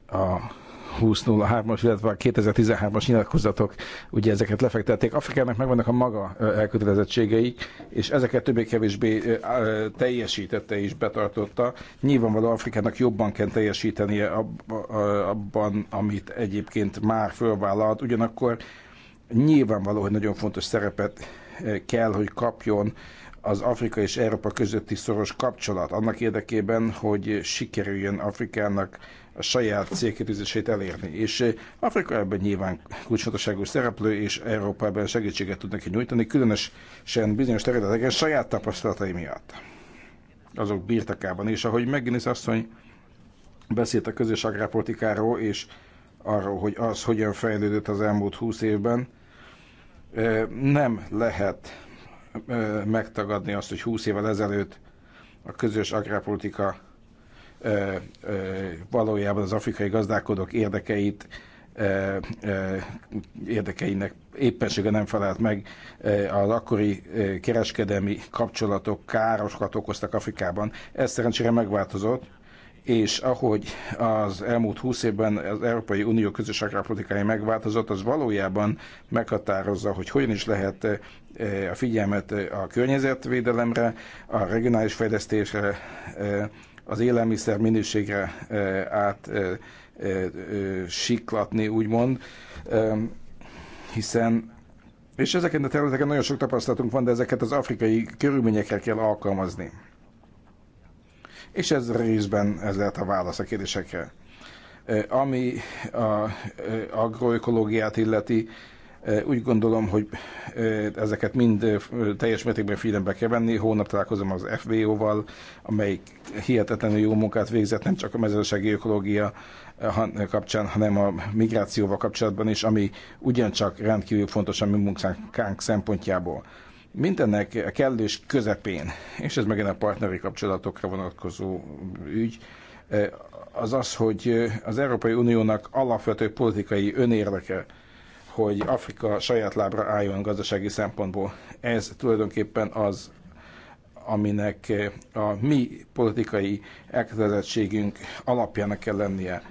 a 2003-as, illetve a 2013-as nyilatkozatok, ugye ezeket lefektették. Afrikának megvannak a maga elkötelezettségei, és ezeket többé-kevésbé teljesítette és betartotta. Nyilvánvaló Afrikának jobban kell teljesítenie abban, amit egyébként már fölvállalt, ugyanakkor nyilvánvaló, hogy nagyon fontos szerepet kell, hogy kapjon az Afrika és Európa közötti szoros kapcsolat annak érdekében, hogy sikerüljön Afrikának a saját célkitűzését elérni. És eh, Afrika ebben nyilván kulcsfontosságú szereplő, és Európában segítséget tud neki nyújtani, különösen bizonyos területeken saját tapasztalatai miatt. Azok birtokában. És ahogy McGinnis asszony beszélt a közös agrárpolitikáról, és arról, hogy az hogyan fejlődött az elmúlt húsz évben, eh, nem lehet eh, megtagadni azt, hogy 20 évvel ezelőtt a közös agrárpolitika valójában az afrikai gazdálkodók érdekeit érdekeinek éppensége nem felelt meg az akkori kereskedelmi kapcsolatok károsokat okoztak Afrikában. Ez szerencsére megváltozott, és ahogy az elmúlt húsz évben az Európai Unió közös agrárpolitikája megváltozott, az valójában meghatározza, hogy hogyan is lehet a figyelmet a környezetvédelemre, a regionális fejlesztésre, az élelmiszer minőségre át siklatni, úgymond, hiszen és ezeken a területeken nagyon sok tapasztalatunk van, de ezeket az afrikai körülményekkel kell alkalmazni. És ez részben ez lehet a válasz a kérdésekre. Ami a agroökológiát illeti, úgy gondolom, hogy ezeket mind teljes mértékben figyelembe kell venni. Hónap találkozom az FBO-val, amelyik hihetetlenül jó munkát végzett, nem csak a mezőségi ökológia kapcsán, hanem a migrációval kapcsolatban is, ami ugyancsak rendkívül fontos a mi munkánk szempontjából mindennek kellős közepén, és ez megint a partneri kapcsolatokra vonatkozó ügy, az az, hogy az Európai Uniónak alapvető politikai önérdeke hogy Afrika saját lábra álljon gazdasági szempontból. Ez tulajdonképpen az, aminek a mi politikai elkötelezettségünk alapjának kell lennie.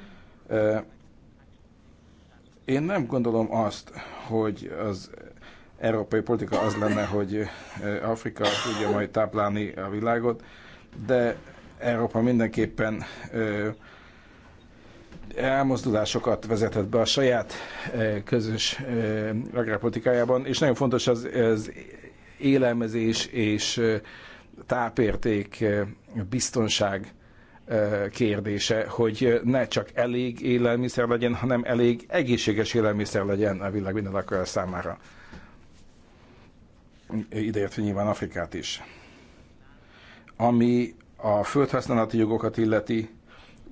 Én nem gondolom azt, hogy az európai politika az lenne, hogy Afrika tudja majd táplálni a világot, de Európa mindenképpen elmozdulásokat vezethet be a saját e, közös e, agrárpolitikájában, és nagyon fontos az, az élelmezés és e, tápérték, biztonság kérdése, hogy ne csak elég élelmiszer legyen, hanem elég egészséges élelmiszer legyen a világ minden lakója számára. Ideértve nyilván Afrikát is. Ami a földhasználati jogokat illeti,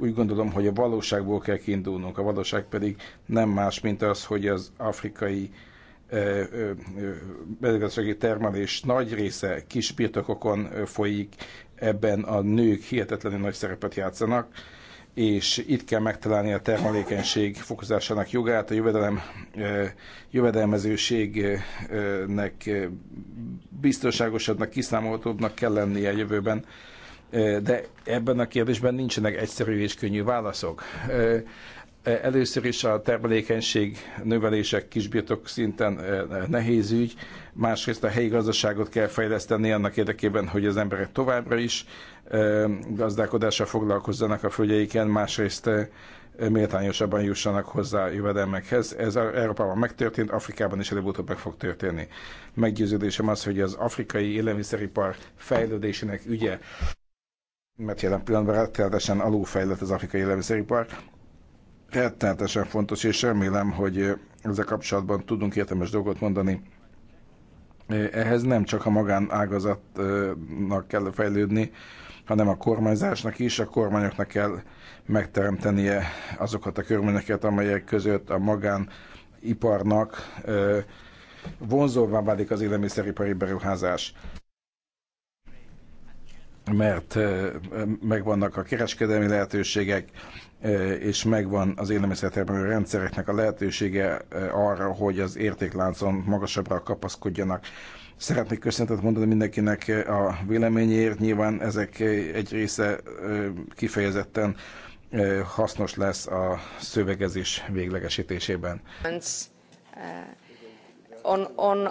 úgy gondolom, hogy a valóságból kell kiindulnunk. A valóság pedig nem más, mint az, hogy az afrikai mezőgazdasági termelés nagy része kis birtokokon folyik, ebben a nők hihetetlenül nagy szerepet játszanak, és itt kell megtalálni a termelékenység fokozásának jogát, a jövedelem, jövedelmezőségnek biztonságosabbnak, kiszámolhatóbbnak kell lennie a jövőben de ebben a kérdésben nincsenek egyszerű és könnyű válaszok. Először is a termelékenység növelések kisbirtok szinten nehéz ügy, másrészt a helyi gazdaságot kell fejleszteni annak érdekében, hogy az emberek továbbra is gazdálkodással foglalkozzanak a földjeiken, másrészt méltányosabban jussanak hozzá jövedelmekhez. Ez Európában megtörtént, Afrikában is előbb-utóbb meg fog történni. Meggyőződésem az, hogy az afrikai élelmiszeripar fejlődésének ügye mert jelen pillanatban rettenetesen alulfejlett az afrikai élelmiszeripar. Rettenetesen fontos, és remélem, hogy ezzel kapcsolatban tudunk értelmes dolgot mondani. Ehhez nem csak a magánágazatnak kell fejlődni, hanem a kormányzásnak is, a kormányoknak kell megteremtenie azokat a körülményeket, amelyek között a magániparnak eh, vonzóvá válik az élelmiszeripari beruházás mert megvannak a kereskedelmi lehetőségek, és megvan az élelmiszertermelő rendszereknek a lehetősége arra, hogy az értékláncon magasabbra kapaszkodjanak. Szeretnék köszönetet mondani mindenkinek a véleményért. Nyilván ezek egy része kifejezetten hasznos lesz a szövegezés véglegesítésében. On, on...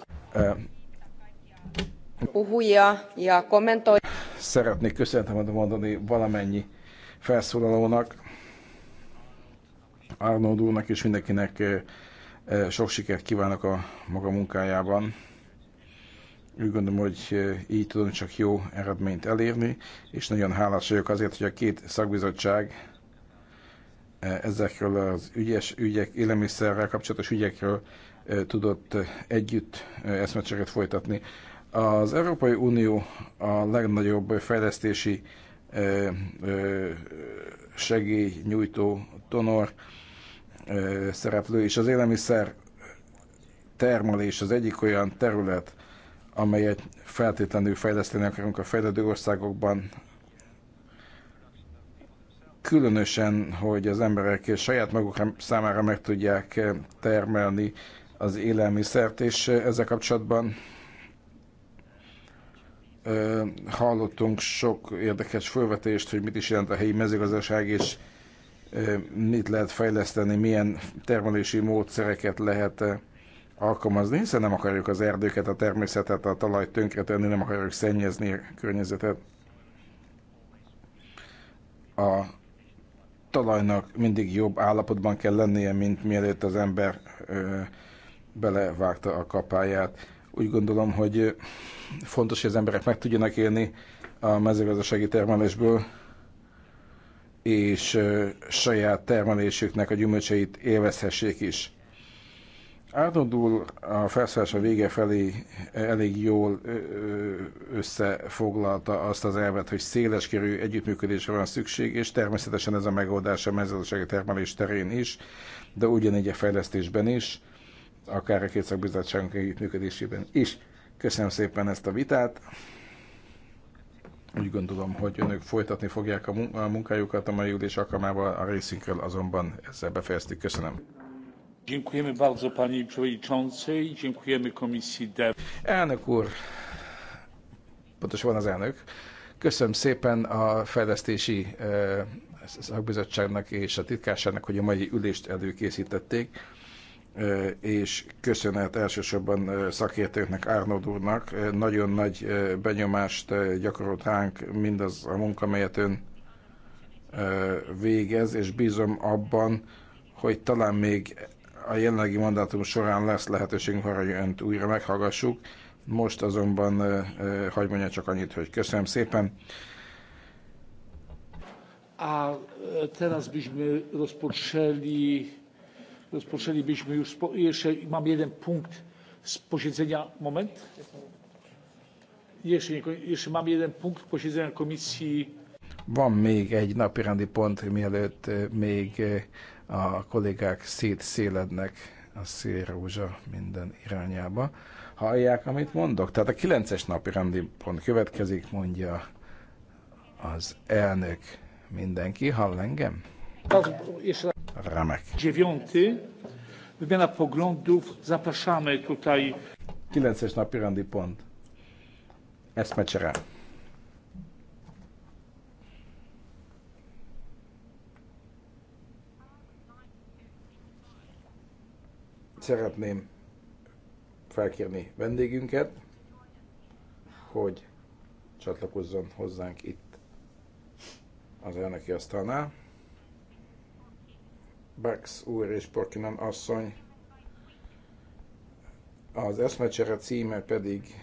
Szeretnék köszönetet mondani valamennyi felszólalónak, Arnold úrnak és mindenkinek eh, eh, sok sikert kívánok a maga munkájában. Úgy gondolom, hogy eh, így tudom csak jó eredményt elérni, és nagyon hálás vagyok azért, hogy a két szakbizottság ezekről az ügyes ügyek, élelmiszerrel kapcsolatos ügyekről tudott együtt eszmecseket folytatni. Az Európai Unió a legnagyobb fejlesztési segélynyújtó donor szereplő, és az élelmiszer termelés az egyik olyan terület, amelyet feltétlenül fejleszteni akarunk a fejlődő országokban, különösen, hogy az emberek saját maguk számára meg tudják termelni az élelmiszert, és ezzel kapcsolatban hallottunk sok érdekes felvetést, hogy mit is jelent a helyi mezőgazdaság, és mit lehet fejleszteni, milyen termelési módszereket lehet alkalmazni, hiszen nem akarjuk az erdőket, a természetet, a talajt tönkretenni, nem akarjuk szennyezni a környezetet. A talajnak mindig jobb állapotban kell lennie, mint mielőtt az ember belevágta a kapáját úgy gondolom, hogy fontos, hogy az emberek meg tudjanak élni a mezőgazdasági termelésből, és saját termelésüknek a gyümölcseit élvezhessék is. Átondul a felszállása vége felé elég jól összefoglalta azt az elvet, hogy széleskörű együttműködésre van szükség, és természetesen ez a megoldás a mezőgazdasági termelés terén is, de ugyanígy a fejlesztésben is akár a két szakbizottságunk együttműködésében is. Köszönöm szépen ezt a vitát. Úgy gondolom, hogy önök folytatni fogják a munkájukat a mai ülés alkalmával, a részünkről azonban ezzel befejeztük. Köszönöm. Dziękujemy bardzo pani dziękujemy komisji Elnök úr, pontosabban az elnök, köszönöm szépen a fejlesztési eh, szakbizottságnak és a titkárságnak, hogy a mai ülést előkészítették és köszönet elsősorban szakértőknek, Árnod úrnak. Nagyon nagy benyomást gyakorolt ránk mindaz a munka, melyet ön végez, és bízom abban, hogy talán még a jelenlegi mandátum során lesz lehetőségünk arra, hogy önt újra meghallgassuk. Most azonban hagyd mondja csak annyit, hogy köszönöm szépen. A teraz byśmy rozpoczęli rozpoczęlibyśmy już, spo... jeszcze mam jeden punkt z posiedzenia, moment. Jeszcze, nie, jeszcze mam jeden punkt posiedzenia komisji. Van még egy napi rendi pont, mielőtt e, még e, a kollégák szétszélednek a szélrózsa minden irányába. Hallják, amit mondok? Tehát a kilences napi rendi pont következik, mondja az elnök. Mindenki hall engem? És Remek. Kilences napi rendi pont. Eszmecsere. Szeretném felkérni vendégünket, hogy csatlakozzon hozzánk itt az elnöki asztalnál. Bax úr és Pokinan asszony. Az eszmecsere címe pedig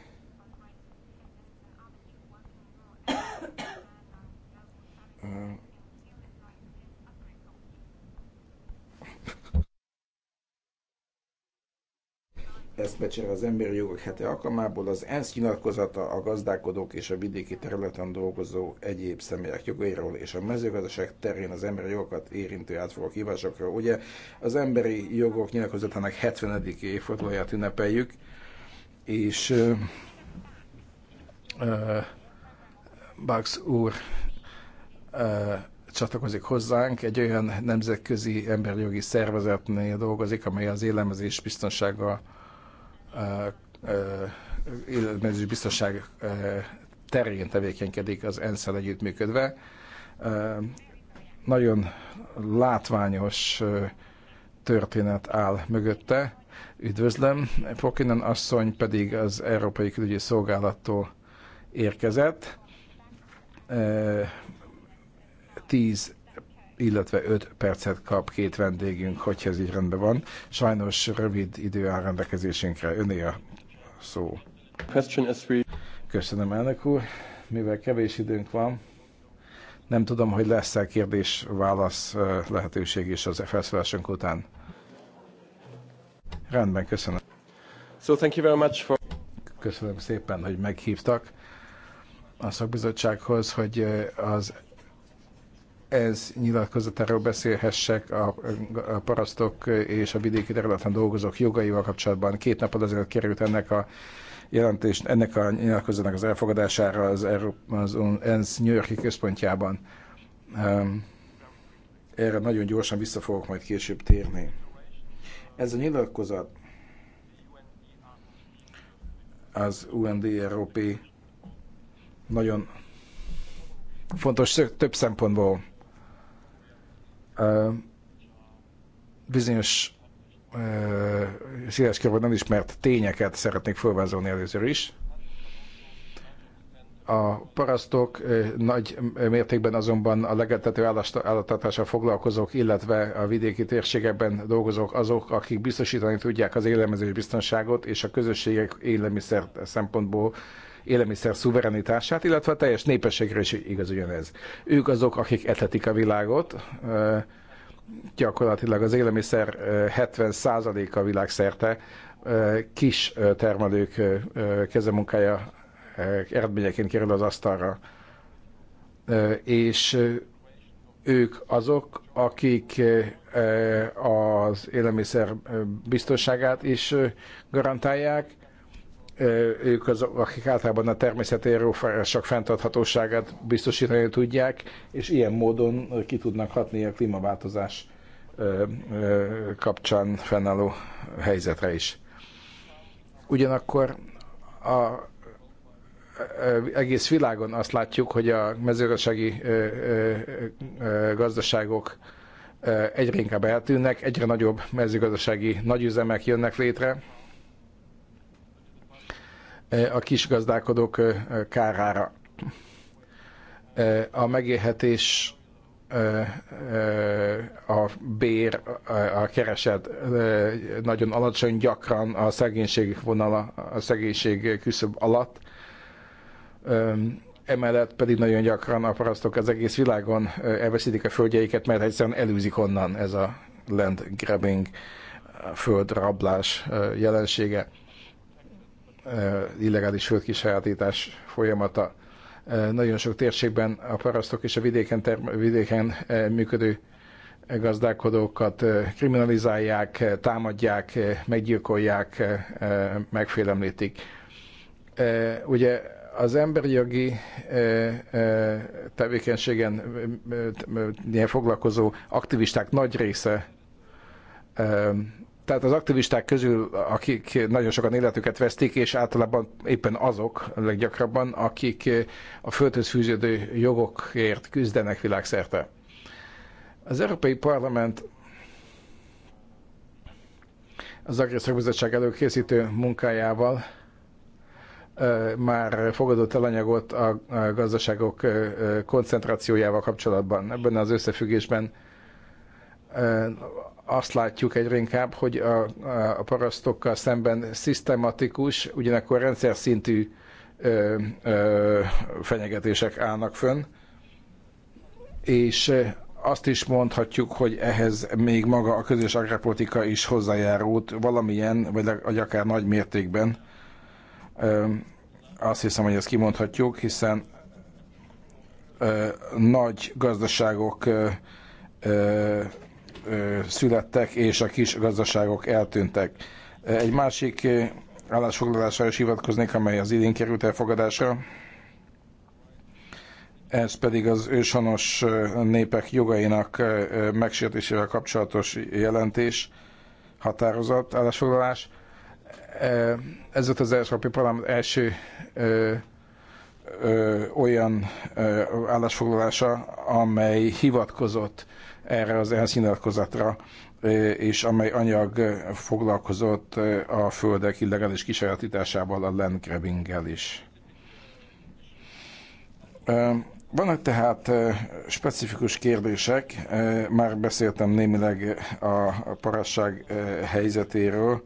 Ezt becsere az emberi jogok hete alkalmából az ENSZ nyilatkozata a gazdálkodók és a vidéki területen dolgozó egyéb személyek jogairól és a mezőgazdaság terén az emberi jogokat érintő átfogó kívásokról. Ugye az emberi jogok nyilatkozatának 70. évfordulóját ünnepeljük, és uh, uh, Bax úr uh, csatlakozik hozzánk, egy olyan nemzetközi emberi jogi szervezetnél dolgozik, amely az élelmezés uh, élelmezés biztonság e, terén tevékenykedik az ensz együttműködve. E, nagyon látványos e, történet áll mögötte. Üdvözlöm. Pokinen asszony pedig az Európai Külügyi Szolgálattól érkezett. Tíz illetve 5 percet kap két vendégünk, hogyha ez így rendben van. Sajnos rövid idő áll rendelkezésünkre. Öné a szó. Köszönöm, elnök úr. Mivel kevés időnk van, nem tudom, hogy lesz-e kérdés-válasz lehetőség is az felszólásunk után. Rendben, köszönöm. So thank you very much for... Köszönöm szépen, hogy meghívtak a szakbizottsághoz, hogy az ez nyilatkozatáról beszélhessek a, a parasztok és a vidéki területen dolgozók jogaival kapcsolatban. Két nap azért került ennek a jelentés, ennek a nyilatkozatnak az elfogadására az, Európa, az ENSZ New Yorki központjában. Erre nagyon gyorsan vissza fogok majd később térni. Ez a nyilatkozat az und Európai nagyon fontos több szempontból bizonyos széles körben ismert tényeket szeretnék felvázolni először is. A parasztok nagy mértékben azonban a legeltető állattatással foglalkozók, illetve a vidéki térségekben dolgozók azok, akik biztosítani tudják az élelmezés biztonságot és a közösségek élelmiszer szempontból élelmiszer szuverenitását, illetve a teljes népességre is igaz ugyanez. Ők azok, akik etetik a világot, gyakorlatilag az élelmiszer 70%-a világszerte kis termelők kezemunkája eredményeként kerül az asztalra. És ők azok, akik az élelmiszer biztonságát is garantálják, ők az akik általában a természeti erőforrások fenntarthatóságát biztosítani tudják, és ilyen módon ki tudnak hatni a klímaváltozás kapcsán fennálló helyzetre is. Ugyanakkor a egész világon azt látjuk, hogy a mezőgazdasági gazdaságok egyre inkább eltűnnek, egyre nagyobb mezőgazdasági nagyüzemek jönnek létre, E, a kisgazdálkodók e, kárára. E, a megélhetés, a bér, a kereset nagyon alacsony, gyakran a szegénység vonala, a szegénység küszöb alatt emellett pedig nagyon gyakran a parasztok az egész világon elveszítik a földjeiket, mert egyszerűen elűzik onnan ez a land grabbing, földrablás jelensége. Eh, illegális földkisajátítás folyamata. Eh, nagyon sok térségben a parasztok és a vidéken, vidéken eh, működő gazdálkodókat kriminalizálják, támadják, meggyilkolják, megfélemlítik. Ugye az emberi jogi tevékenységen foglalkozó aktivisták nagy része tehát az aktivisták közül, akik nagyon sokan életüket vesztik, és általában éppen azok leggyakrabban, akik a földhöz fűződő jogokért küzdenek világszerte. Az Európai Parlament az Agresszorbizottság előkészítő munkájával már fogadott el anyagot a gazdaságok koncentrációjával kapcsolatban. Ebben az összefüggésben azt látjuk egyre inkább, hogy a, a parasztokkal szemben szisztematikus, ugyanakkor rendszer szintű ö, ö, fenyegetések állnak fönn, és azt is mondhatjuk, hogy ehhez még maga a közös agrárpolitika is hozzájárult valamilyen, vagy akár nagy mértékben. Ö, azt hiszem, hogy ezt kimondhatjuk, hiszen ö, nagy gazdaságok ö, ö, születtek, és a kis gazdaságok eltűntek. Egy másik állásfoglalásra is hivatkoznék, amely az idén került elfogadásra. Ez pedig az őshonos népek jogainak megsértésével kapcsolatos jelentés, határozat, állásfoglalás. Ez volt az Európai Parlament első ö, olyan ö, állásfoglalása, amely hivatkozott erre az ENSZ nyilatkozatra, és amely anyag foglalkozott a földek illegális kisajátításával, a grabbinggel is. Vannak tehát specifikus kérdések, már beszéltem némileg a parasság helyzetéről.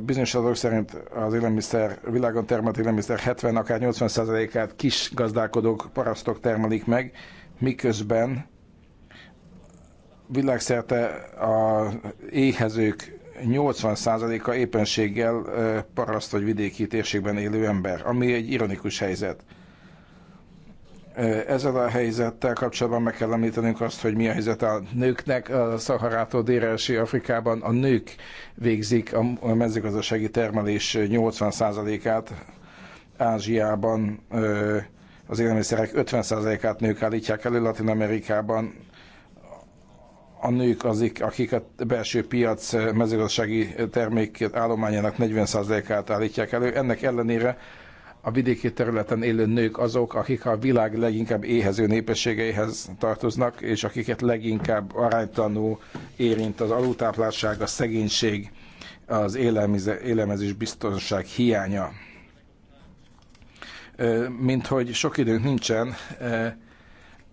Bizonyos adók szerint az élelmiszer, világon termelt élelmiszer 70, akár 80 át kis gazdálkodók, parasztok termelik meg, miközben világszerte a éhezők 80%-a éppenséggel paraszt vagy vidéki térségben élő ember, ami egy ironikus helyzet. Ezzel a helyzettel kapcsolatban meg kell említenünk azt, hogy mi a helyzet a nőknek. A Szaharától délre Afrikában a nők végzik a mezőgazdasági termelés 80%-át, Ázsiában az élelmiszerek 50%-át nők állítják elő, Latin Amerikában a nők azik, akik a belső piac eh, mezőgazdasági eh, termék állományának 40%-át állítják elő. Ennek ellenére a vidéki területen élő nők azok, akik a világ leginkább éhező népességeihez tartoznak, és akiket leginkább aránytanul érint az alultápláltság, a szegénység, az élelmezés biztonság hiánya. Eh, mint hogy sok időnk nincsen,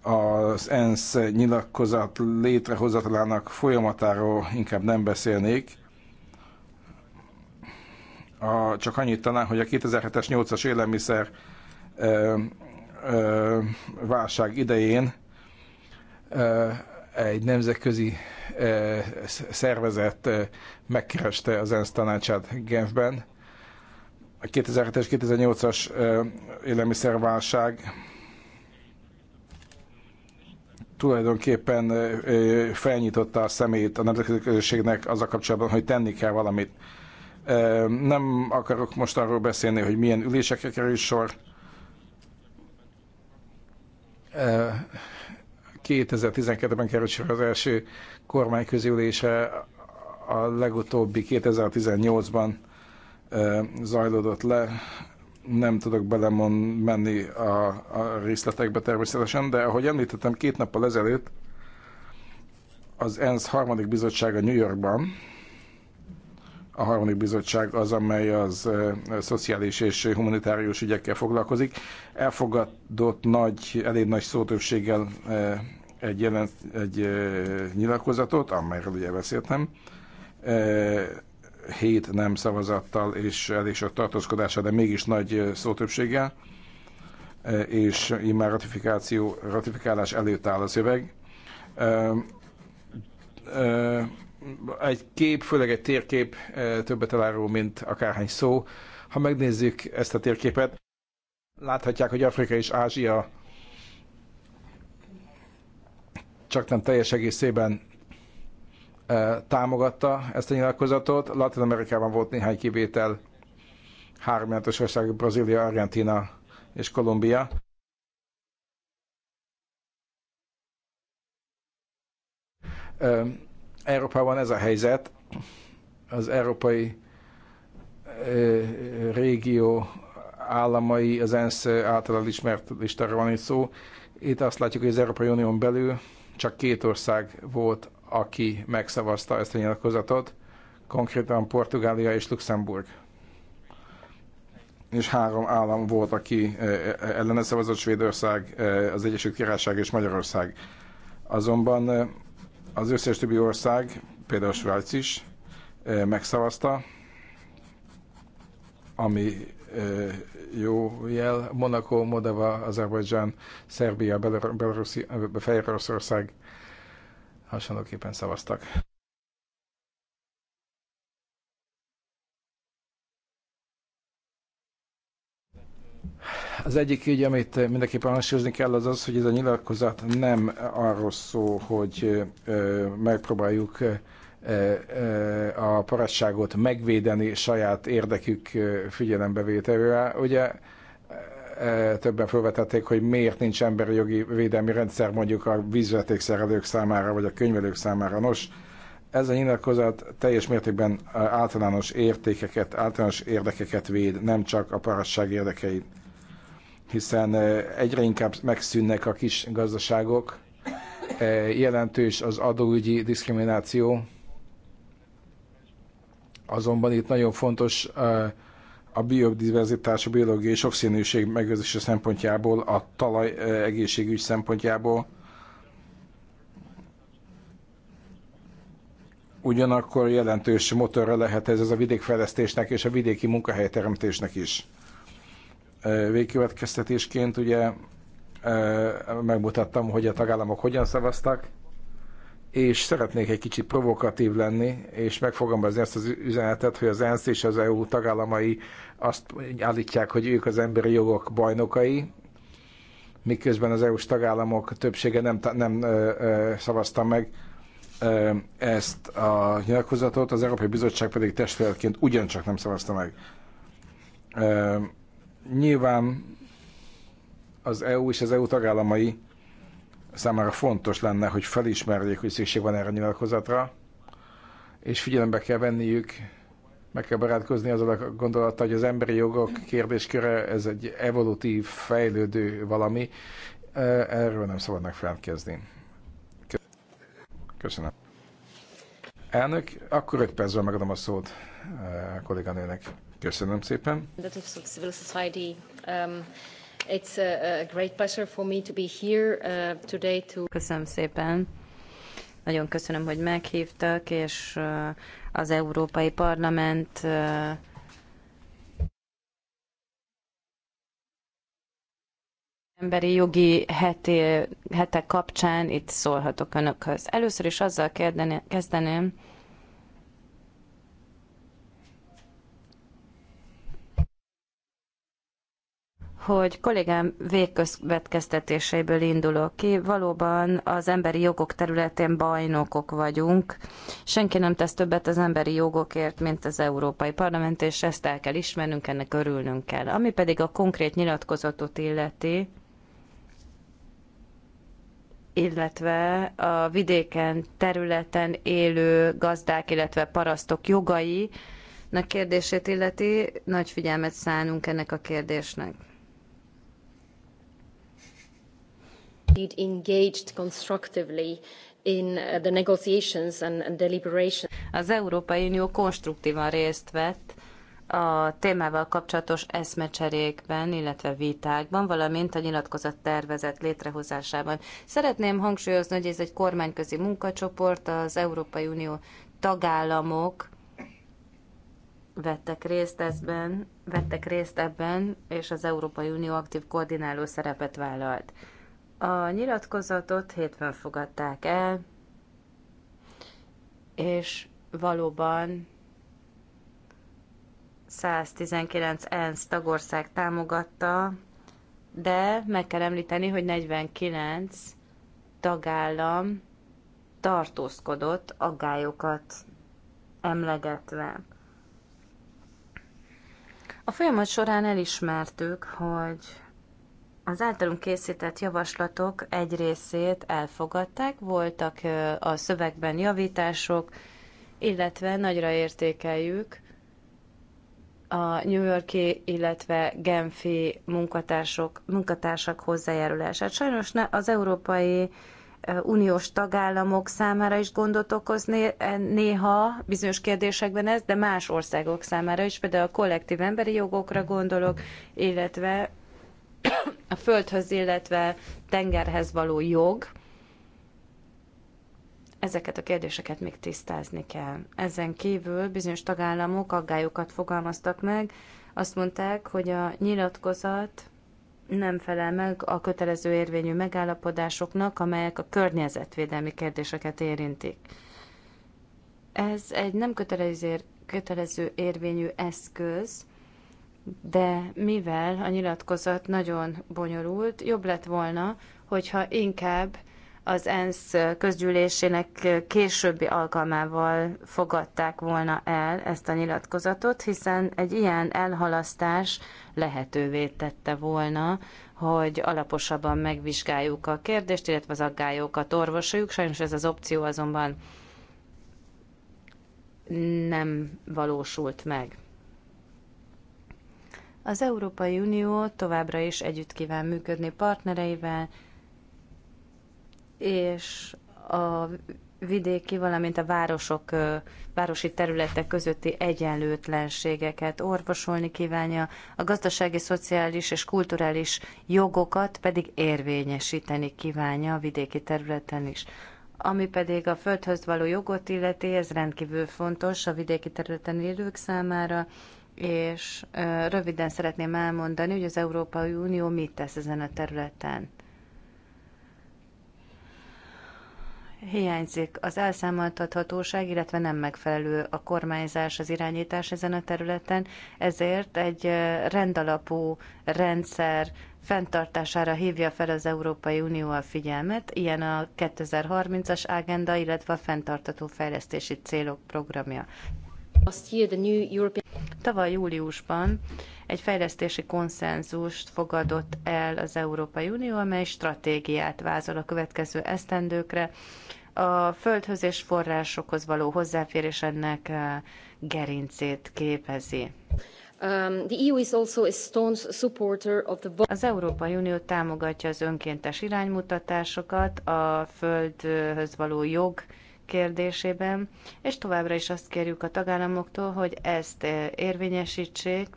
az ENSZ nyilatkozat létrehozatalának folyamatáról inkább nem beszélnék. A, csak annyit talán, hogy a 2007-es 8-as élelmiszer ö, ö, válság idején ö, egy nemzetközi ö, szervezet ö, megkereste az ENSZ tanácsát Genfben. A 2007-es 2008-as élelmiszerválság tulajdonképpen felnyitotta a szemét a nemzetközi közösségnek az a kapcsolatban, hogy tenni kell valamit. Nem akarok most arról beszélni, hogy milyen ülésekre kerül sor. 2012-ben került sor az első kormányközi ülése, a legutóbbi 2018-ban zajlódott le nem tudok belemond menni a, a részletekbe természetesen, de ahogy említettem, két nappal ezelőtt az ENSZ harmadik bizottsága New Yorkban, a harmadik bizottság az, amely az ö, szociális és humanitárius ügyekkel foglalkozik, elfogadott nagy, elég nagy szótöbbséggel ö, egy, jelent, egy nyilatkozatot, amelyről ugye beszéltem, hét nem szavazattal és elég sok tartózkodással, de mégis nagy szótöbbséggel, és immár ratifikáció, ratifikálás előtt áll a szöveg. Egy kép, főleg egy térkép többet elárul, mint akárhány szó. Ha megnézzük ezt a térképet, láthatják, hogy Afrika és Ázsia csak nem teljes egészében támogatta ezt a nyilatkozatot. Latin Amerikában volt néhány kivétel, három ország, Brazília, Argentina és Kolumbia. Európában ez a helyzet. Az európai régió államai, az ENSZ által ismert listára van itt szó. Itt azt látjuk, hogy az Európai Unión belül csak két ország volt aki megszavazta ezt a nyilatkozatot, konkrétan Portugália és Luxemburg. És három állam volt, aki e, e, ellene szavazott, Svédország, e, az Egyesült Királyság és Magyarország. Azonban az összes többi ország, például Svájc is, megszavazta, ami jó jel. Monaco, Moldova, Azerbajdzsán, Szerbia, Belarus, Fehér Oroszország hasonlóképpen szavaztak. Az egyik így, amit mindenképpen hangsúlyozni kell, az az, hogy ez a nyilatkozat nem arról szól, hogy megpróbáljuk a parasságot megvédeni saját érdekük figyelembevételével. Ugye E, többen felvetették, hogy miért nincs emberi jogi védelmi rendszer mondjuk a vízvetékszerelők számára, vagy a könyvelők számára. Nos, ez a nyilatkozat teljes mértékben e, általános értékeket, általános érdekeket véd, nem csak a parasság érdekeit. Hiszen e, egyre inkább megszűnnek a kis gazdaságok, jelentős az adóügyi diszkrimináció, azonban itt nagyon fontos uh, a biodiverzitás, a biológiai sokszínűség megőrzése szempontjából, a talaj eh, egészségügy szempontjából. Ugyanakkor jelentős motorra lehet ez, ez a vidékfejlesztésnek és a vidéki munkahelyteremtésnek is. Eh, végkövetkeztetésként ugye eh, megmutattam, hogy a tagállamok hogyan szavaztak, és szeretnék egy kicsit provokatív lenni, és megfogalmazni azt az üzenetet, hogy az ENSZ és az EU tagállamai azt állítják, hogy ők az emberi jogok bajnokai, miközben az EU-s tagállamok többsége nem, nem ö, ö, szavazta meg ö, ezt a nyilatkozatot, az Európai Bizottság pedig testvérként ugyancsak nem szavazta meg. Ö, nyilván az EU és az EU tagállamai számára fontos lenne, hogy felismerjék, hogy szükség van erre a nyilatkozatra, és figyelembe kell venniük, meg kell barátkozni azzal a gondolattal, hogy az emberi jogok kérdésköre ez egy evolutív, fejlődő valami. Erről nem szabadnak felkezni. Köszönöm. Elnök, akkor öt percben megadom a szót a kolléganőnek. Köszönöm szépen. Civil society, um, It's a great pleasure for me to be here uh, today to... Köszönöm szépen. Nagyon köszönöm, hogy meghívtak, és uh, az Európai Parlament uh, emberi jogi heti, hetek kapcsán itt szólhatok önökhöz. Először is azzal kezdeném, hogy kollégám végközvetkeztetéseiből indulok ki. Valóban az emberi jogok területén bajnokok vagyunk. Senki nem tesz többet az emberi jogokért, mint az Európai Parlament, és ezt el kell ismernünk, ennek örülnünk kell. Ami pedig a konkrét nyilatkozatot illeti, illetve a vidéken területen élő gazdák, illetve parasztok jogai, na kérdését illeti, nagy figyelmet szánunk ennek a kérdésnek. indeed engaged constructively in uh, the negotiations and, and deliberations. Az Európai Unió konstruktívan részt vett a témával kapcsolatos eszmecserékben, illetve vitákban, valamint a nyilatkozat tervezet létrehozásában. Szeretném hangsúlyozni, hogy ez egy kormányközi munkacsoport, az Európai Unió tagállamok vettek részt ebben, vettek részt ebben, és az Európai Unió aktív koordináló szerepet vállalt. A nyilatkozatot hétfőn fogadták el, és valóban 119 ENSZ tagország támogatta, de meg kell említeni, hogy 49 tagállam tartózkodott aggályokat emlegetve. A folyamat során elismertük, hogy az általunk készített javaslatok egy részét elfogadták, voltak a szövegben javítások, illetve nagyra értékeljük a New Yorki, illetve Genfi munkatársok, munkatársak hozzájárulását. Sajnos az Európai Uniós tagállamok számára is gondot okoz e, néha bizonyos kérdésekben ez, de más országok számára is, például a kollektív emberi jogokra gondolok, illetve a földhöz, illetve tengerhez való jog, ezeket a kérdéseket még tisztázni kell. Ezen kívül bizonyos tagállamok aggályokat fogalmaztak meg, azt mondták, hogy a nyilatkozat nem felel meg a kötelező érvényű megállapodásoknak, amelyek a környezetvédelmi kérdéseket érintik. Ez egy nem kötelező, kötelező érvényű eszköz, de mivel a nyilatkozat nagyon bonyolult, jobb lett volna, hogyha inkább az ENSZ közgyűlésének későbbi alkalmával fogadták volna el ezt a nyilatkozatot, hiszen egy ilyen elhalasztás lehetővé tette volna, hogy alaposabban megvizsgáljuk a kérdést, illetve az aggályokat orvosoljuk. Sajnos ez az opció azonban nem valósult meg. Az Európai Unió továbbra is együtt kíván működni partnereivel, és a vidéki, valamint a városok, városi területek közötti egyenlőtlenségeket orvosolni kívánja, a gazdasági, szociális és kulturális jogokat pedig érvényesíteni kívánja a vidéki területen is. Ami pedig a földhöz való jogot illeti, ez rendkívül fontos a vidéki területen élők számára, és röviden szeretném elmondani, hogy az Európai Unió mit tesz ezen a területen. Hiányzik az elszámoltathatóság, illetve nem megfelelő a kormányzás, az irányítás ezen a területen, ezért egy rendalapú rendszer fenntartására hívja fel az Európai Unió a figyelmet, ilyen a 2030-as ágenda, illetve a fenntartató fejlesztési célok programja. Tavaly júliusban egy fejlesztési konszenzust fogadott el az Európai Unió, amely stratégiát vázol a következő esztendőkre. A földhöz és forrásokhoz való hozzáférés ennek eh, gerincét képezi. Um, e az Európai Unió támogatja az önkéntes iránymutatásokat, a földhöz való jog kérdésében, és továbbra is azt kérjük a tagállamoktól, hogy ezt eh, érvényesítsék,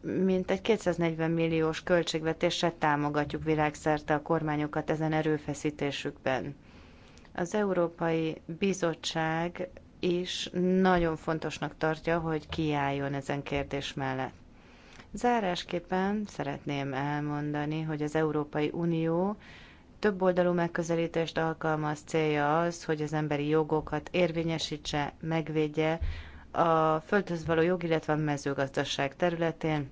mint egy 240 milliós költségvetéssel támogatjuk világszerte a kormányokat ezen erőfeszítésükben. Az Európai Bizottság is nagyon fontosnak tartja, hogy kiálljon ezen kérdés mellett. Zárásképpen szeretném elmondani, hogy az Európai Unió többoldalú megközelítést alkalmaz, célja az, hogy az emberi jogokat érvényesítse, megvédje a földhöz való jog, illetve a mezőgazdaság területén.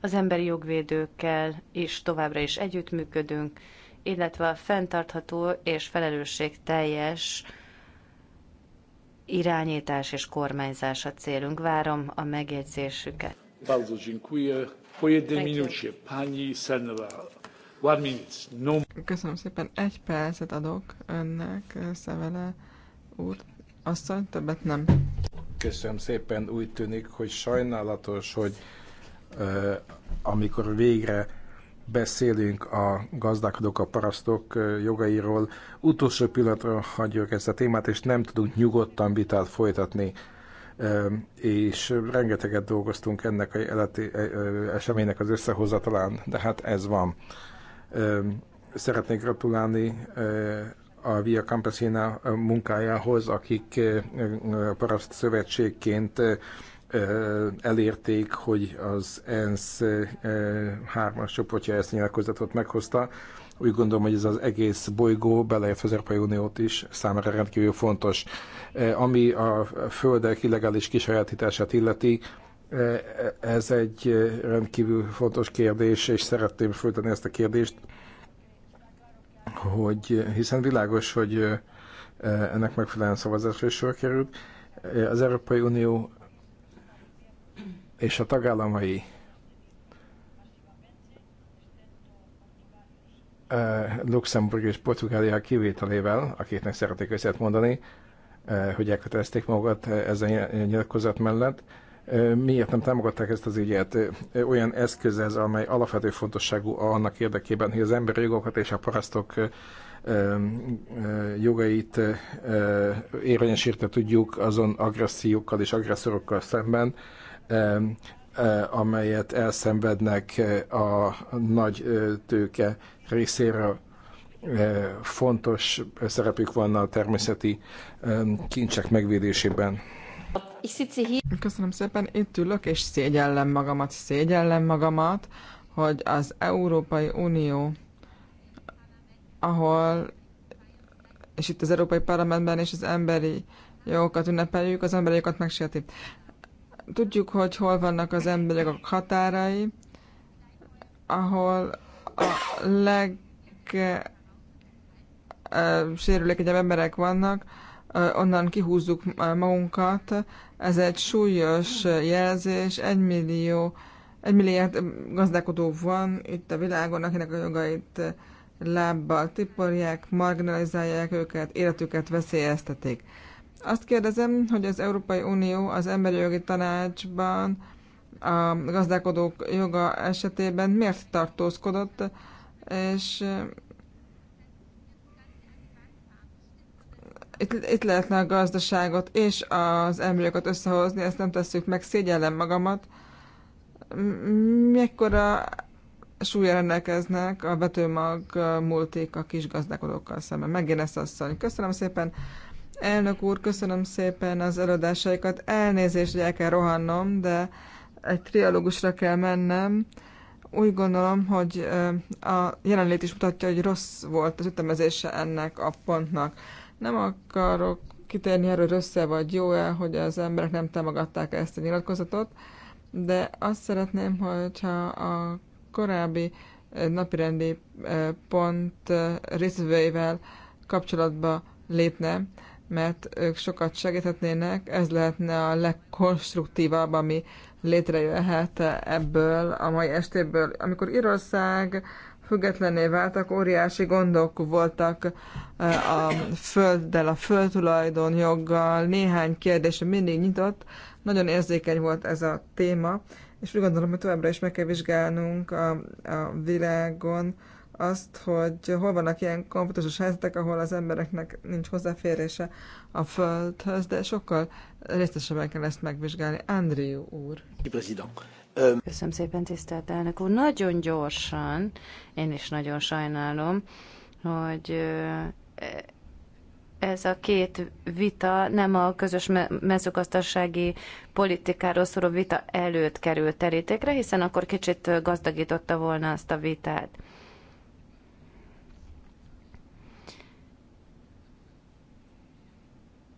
Az emberi jogvédőkkel is továbbra is együttműködünk, illetve a fenntartható és felelősségteljes irányítás és kormányzás a célunk. Várom a megjegyzésüket. Bardzo dziękuję. Po jednym minucie pani Senra. One minute. No. Köszönöm szépen. Egy percet adok önnek, Szevele úr. Asszony, többet nem. Köszönöm szépen. Úgy tűnik, hogy sajnálatos, hogy uh, amikor végre beszélünk a gazdálkodók, a parasztok jogairól, utolsó pillanatra hagyjuk ezt a témát, és nem tudunk nyugodtan vitát folytatni és rengeteget dolgoztunk ennek a eseménynek az összehozatalán, de hát ez van. Szeretnék gratulálni a Via Campesina munkájához, akik a Paraszt Szövetségként elérték, hogy az ENSZ hármas csoportja ezt nyilatkozatot meghozta. Úgy gondolom, hogy ez az egész bolygó, beleértve az Európai Uniót is, számára rendkívül fontos. Ami a földek illegális kisajátítását illeti, ez egy rendkívül fontos kérdés, és szeretném föltenni ezt a kérdést, hogy hiszen világos, hogy ennek megfelelően szavazásra is sor került. Az Európai Unió és a tagállamai Luxemburg és Portugália kivételével, akiknek szeretnék összet mondani, hogy elkötelezték magukat ezen nyilatkozat mellett, miért nem támogatták ezt az ügyet. Olyan eszköz ez, amely alapvető fontosságú annak érdekében, hogy az emberi jogokat és a parasztok jogait érvényesíteni tudjuk azon agressziókkal és agresszorokkal szemben, amelyet elszenvednek a nagy tőke részéről fontos szerepük van a természeti kincsek megvédésében. Köszönöm szépen, itt ülök, és szégyellem magamat, szégyellem magamat, hogy az Európai Unió, ahol, és itt az Európai Parlamentben és az emberi jogokat ünnepeljük, az emberi jogokat megsérti. Tudjuk, hogy hol vannak az emberi jogok határai, ahol a leg sérülékenyebb emberek vannak, onnan kihúzzuk magunkat. Ez egy súlyos jelzés, egy millió, egy milliárd gazdálkodó van itt a világon, akinek a jogait lábbal tiporják, marginalizálják őket, életüket veszélyeztetik. Azt kérdezem, hogy az Európai Unió az Emberi Jogi Tanácsban a gazdálkodók joga esetében miért tartózkodott, és itt, itt lehetne a gazdaságot és az embereket összehozni, ezt nem tesszük meg, szégyellem magamat. Mekkora súlya rendelkeznek a betőmag múlték a kis gazdálkodókkal szemben. Megjön ezt asszony. Köszönöm szépen, elnök úr, köszönöm szépen az előadásaikat. Elnézést, hogy el kell rohannom, de egy trialógusra kell mennem. Úgy gondolom, hogy a jelenlét is mutatja, hogy rossz volt az ütemezése ennek a pontnak. Nem akarok kitérni erről, hogy össze vagy jó-e, hogy az emberek nem támogatták ezt a nyilatkozatot, de azt szeretném, hogyha a korábbi eh, napirendi eh, pont eh, részvevőivel kapcsolatba lépne, mert ők sokat segíthetnének, ez lehetne a legkonstruktívabb, ami létrejöhet ebből a mai estéből. Amikor Írország függetlenné váltak, óriási gondok voltak a földdel, a földtulajdon joggal, néhány kérdés mindig nyitott, nagyon érzékeny volt ez a téma, és úgy gondolom, hogy továbbra is meg kell vizsgálnunk a, a világon azt, hogy hol vannak ilyen konfliktusos helyzetek, ahol az embereknek nincs hozzáférése a földhöz, de sokkal részesebben kell ezt megvizsgálni. Andrew úr. Köszönöm. Köszönöm szépen, tisztelt elnök úr. Nagyon gyorsan, én is nagyon sajnálom, hogy ez a két vita nem a közös mezőgazdasági politikáról szóló vita előtt került terítékre, hiszen akkor kicsit gazdagította volna azt a vitát.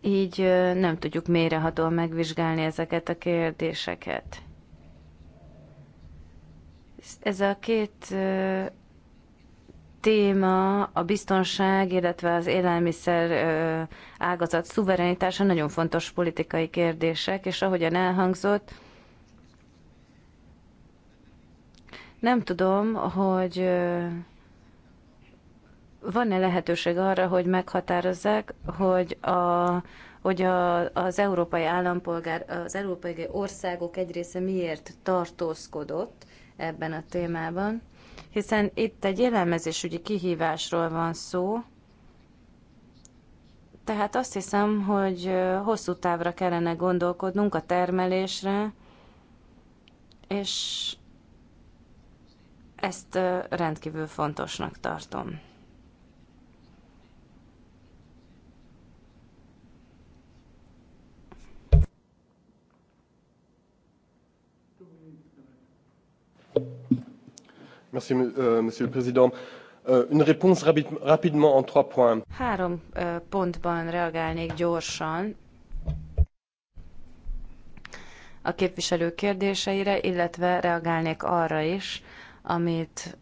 Így nem tudjuk mélyrehatóan megvizsgálni ezeket a kérdéseket ez a két téma, a biztonság, illetve az élelmiszer ágazat szuverenitása nagyon fontos politikai kérdések, és ahogyan elhangzott, nem tudom, hogy van-e lehetőség arra, hogy meghatározzák, hogy a, hogy a, az európai állampolgár, az európai országok egy része miért tartózkodott, ebben a témában, hiszen itt egy élelmezésügyi kihívásról van szó, tehát azt hiszem, hogy hosszú távra kellene gondolkodnunk a termelésre, és ezt rendkívül fontosnak tartom. Euh, Monsieur le Président. Euh, une réponse rapidement en trois points. Három euh, pontban reagálnék gyorsan a képviselő kérdéseire, illetve reagálnék arra is, amit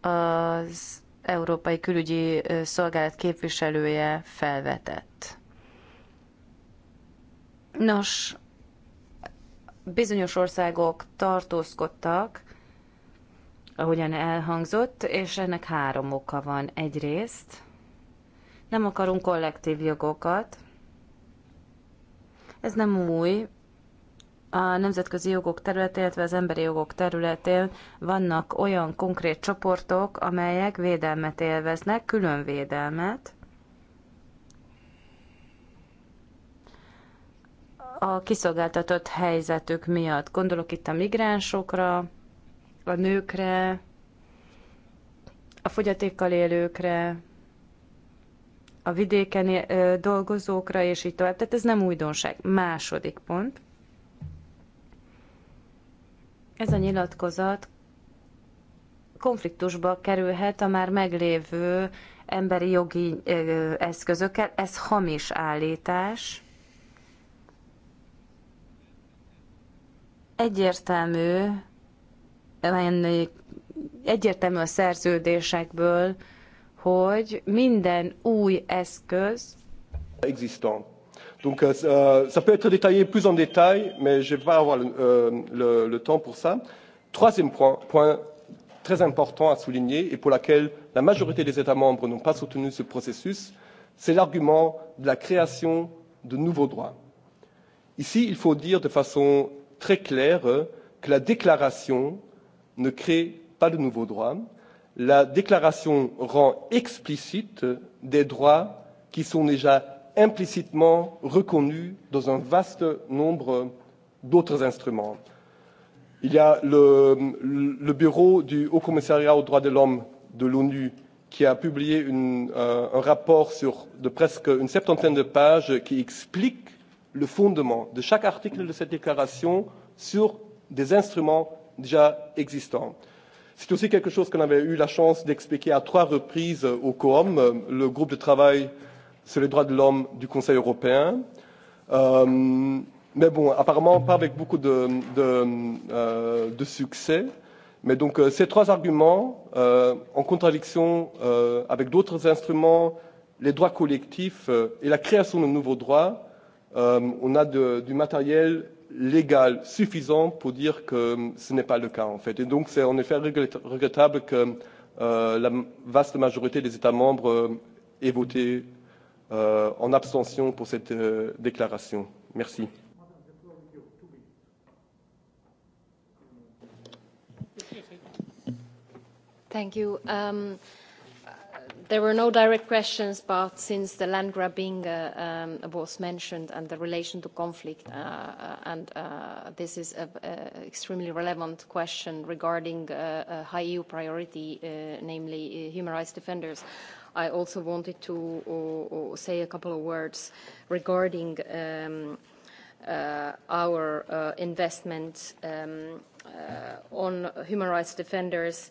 az Európai Külügyi Szolgálat képviselője felvetett. Nos, bizonyos országok tartózkodtak ahogyan elhangzott, és ennek három oka van. Egyrészt nem akarunk kollektív jogokat. Ez nem új. A nemzetközi jogok területén, illetve az emberi jogok területén vannak olyan konkrét csoportok, amelyek védelmet élveznek, külön védelmet. A kiszolgáltatott helyzetük miatt. Gondolok itt a migránsokra, a nőkre, a fogyatékkal élőkre, a vidéken dolgozókra, és így tovább. Tehát ez nem újdonság. Második pont. Ez a nyilatkozat konfliktusba kerülhet a már meglévő emberi jogi eszközökkel. Ez hamis állítás. Egyértelmű egyértelmű a szerződésekből, hogy minden új eszköz existant. Donc euh, euh, ça peut être détaillé plus en détail, mais je vais pas avoir le, euh, le, le temps pour ça. Troisième point, point très important à souligner et pour laquelle la majorité des États membres n'ont pas soutenu ce processus, c'est l'argument de la création de nouveaux droits. Ici, il faut dire de façon très claire que la déclaration ne crée pas de nouveaux droits. La déclaration rend explicite des droits qui sont déjà implicitement reconnus dans un vaste nombre d'autres instruments. Il y a le, le bureau du Haut Commissariat aux droits de l'homme de l'ONU qui a publié une, euh, un rapport sur de presque une septantaine de pages qui explique le fondement de chaque article de cette déclaration sur des instruments déjà existants. C'est aussi quelque chose qu'on avait eu la chance d'expliquer à trois reprises au COOM, le groupe de travail sur les droits de l'homme du Conseil européen. Euh, mais bon, apparemment pas avec beaucoup de, de, euh, de succès. Mais donc euh, ces trois arguments, euh, en contradiction euh, avec d'autres instruments, les droits collectifs euh, et la création de nouveaux droits, euh, on a de, du matériel légal suffisant pour dire que ce n'est pas le cas en fait. Et donc c'est en effet regrettable que euh, la vaste majorité des États membres euh, ait voté euh, en abstention pour cette euh, déclaration. Merci. Thank you. Um, There were no direct questions, but since the land grabbing uh, um, was mentioned and the relation to conflict, uh, uh and uh, this is an extremely relevant question regarding uh, a high EU priority, uh, namely human rights defenders, I also wanted to say a couple of words regarding um, Uh, our uh, investment um, uh, on human rights defenders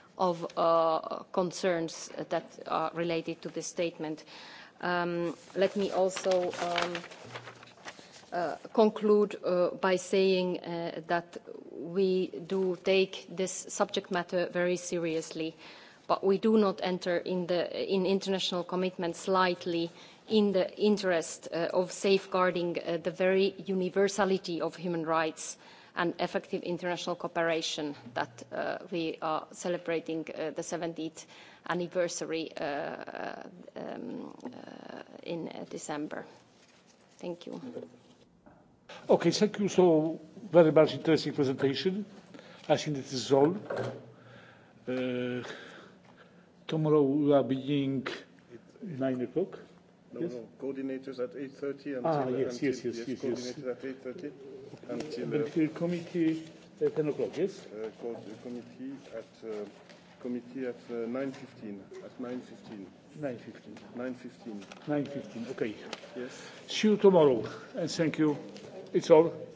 of uh, concerns that are related to this statement. Um, let me also um, uh, conclude uh, by saying uh, that we do take this subject matter very seriously, but we do not enter in, the, in international commitments lightly in the interest uh, of safeguarding uh, the very universality of human rights uh, and effective international cooperation that uh, we are celebrating uh, the 70th anniversary uh, um, uh, in uh, December. Thank you. Okay, thank you so very much interesting presentation. I think this is all. Uh, tomorrow we are beginning nine o'clock. No, yes? no, coordinators at 8.30 ah, until... Ah, yes, until, yes, yes, yes, yes. Coordinators yes. at 8.30 until uh, until committee uh, 10 o'clock. Yes. Uh, called the committee at uh, committee at uh, 9:15. At 9:15. 9:15. 9:15. 9:15. Okay. Yes. See you tomorrow, and thank you. It's all.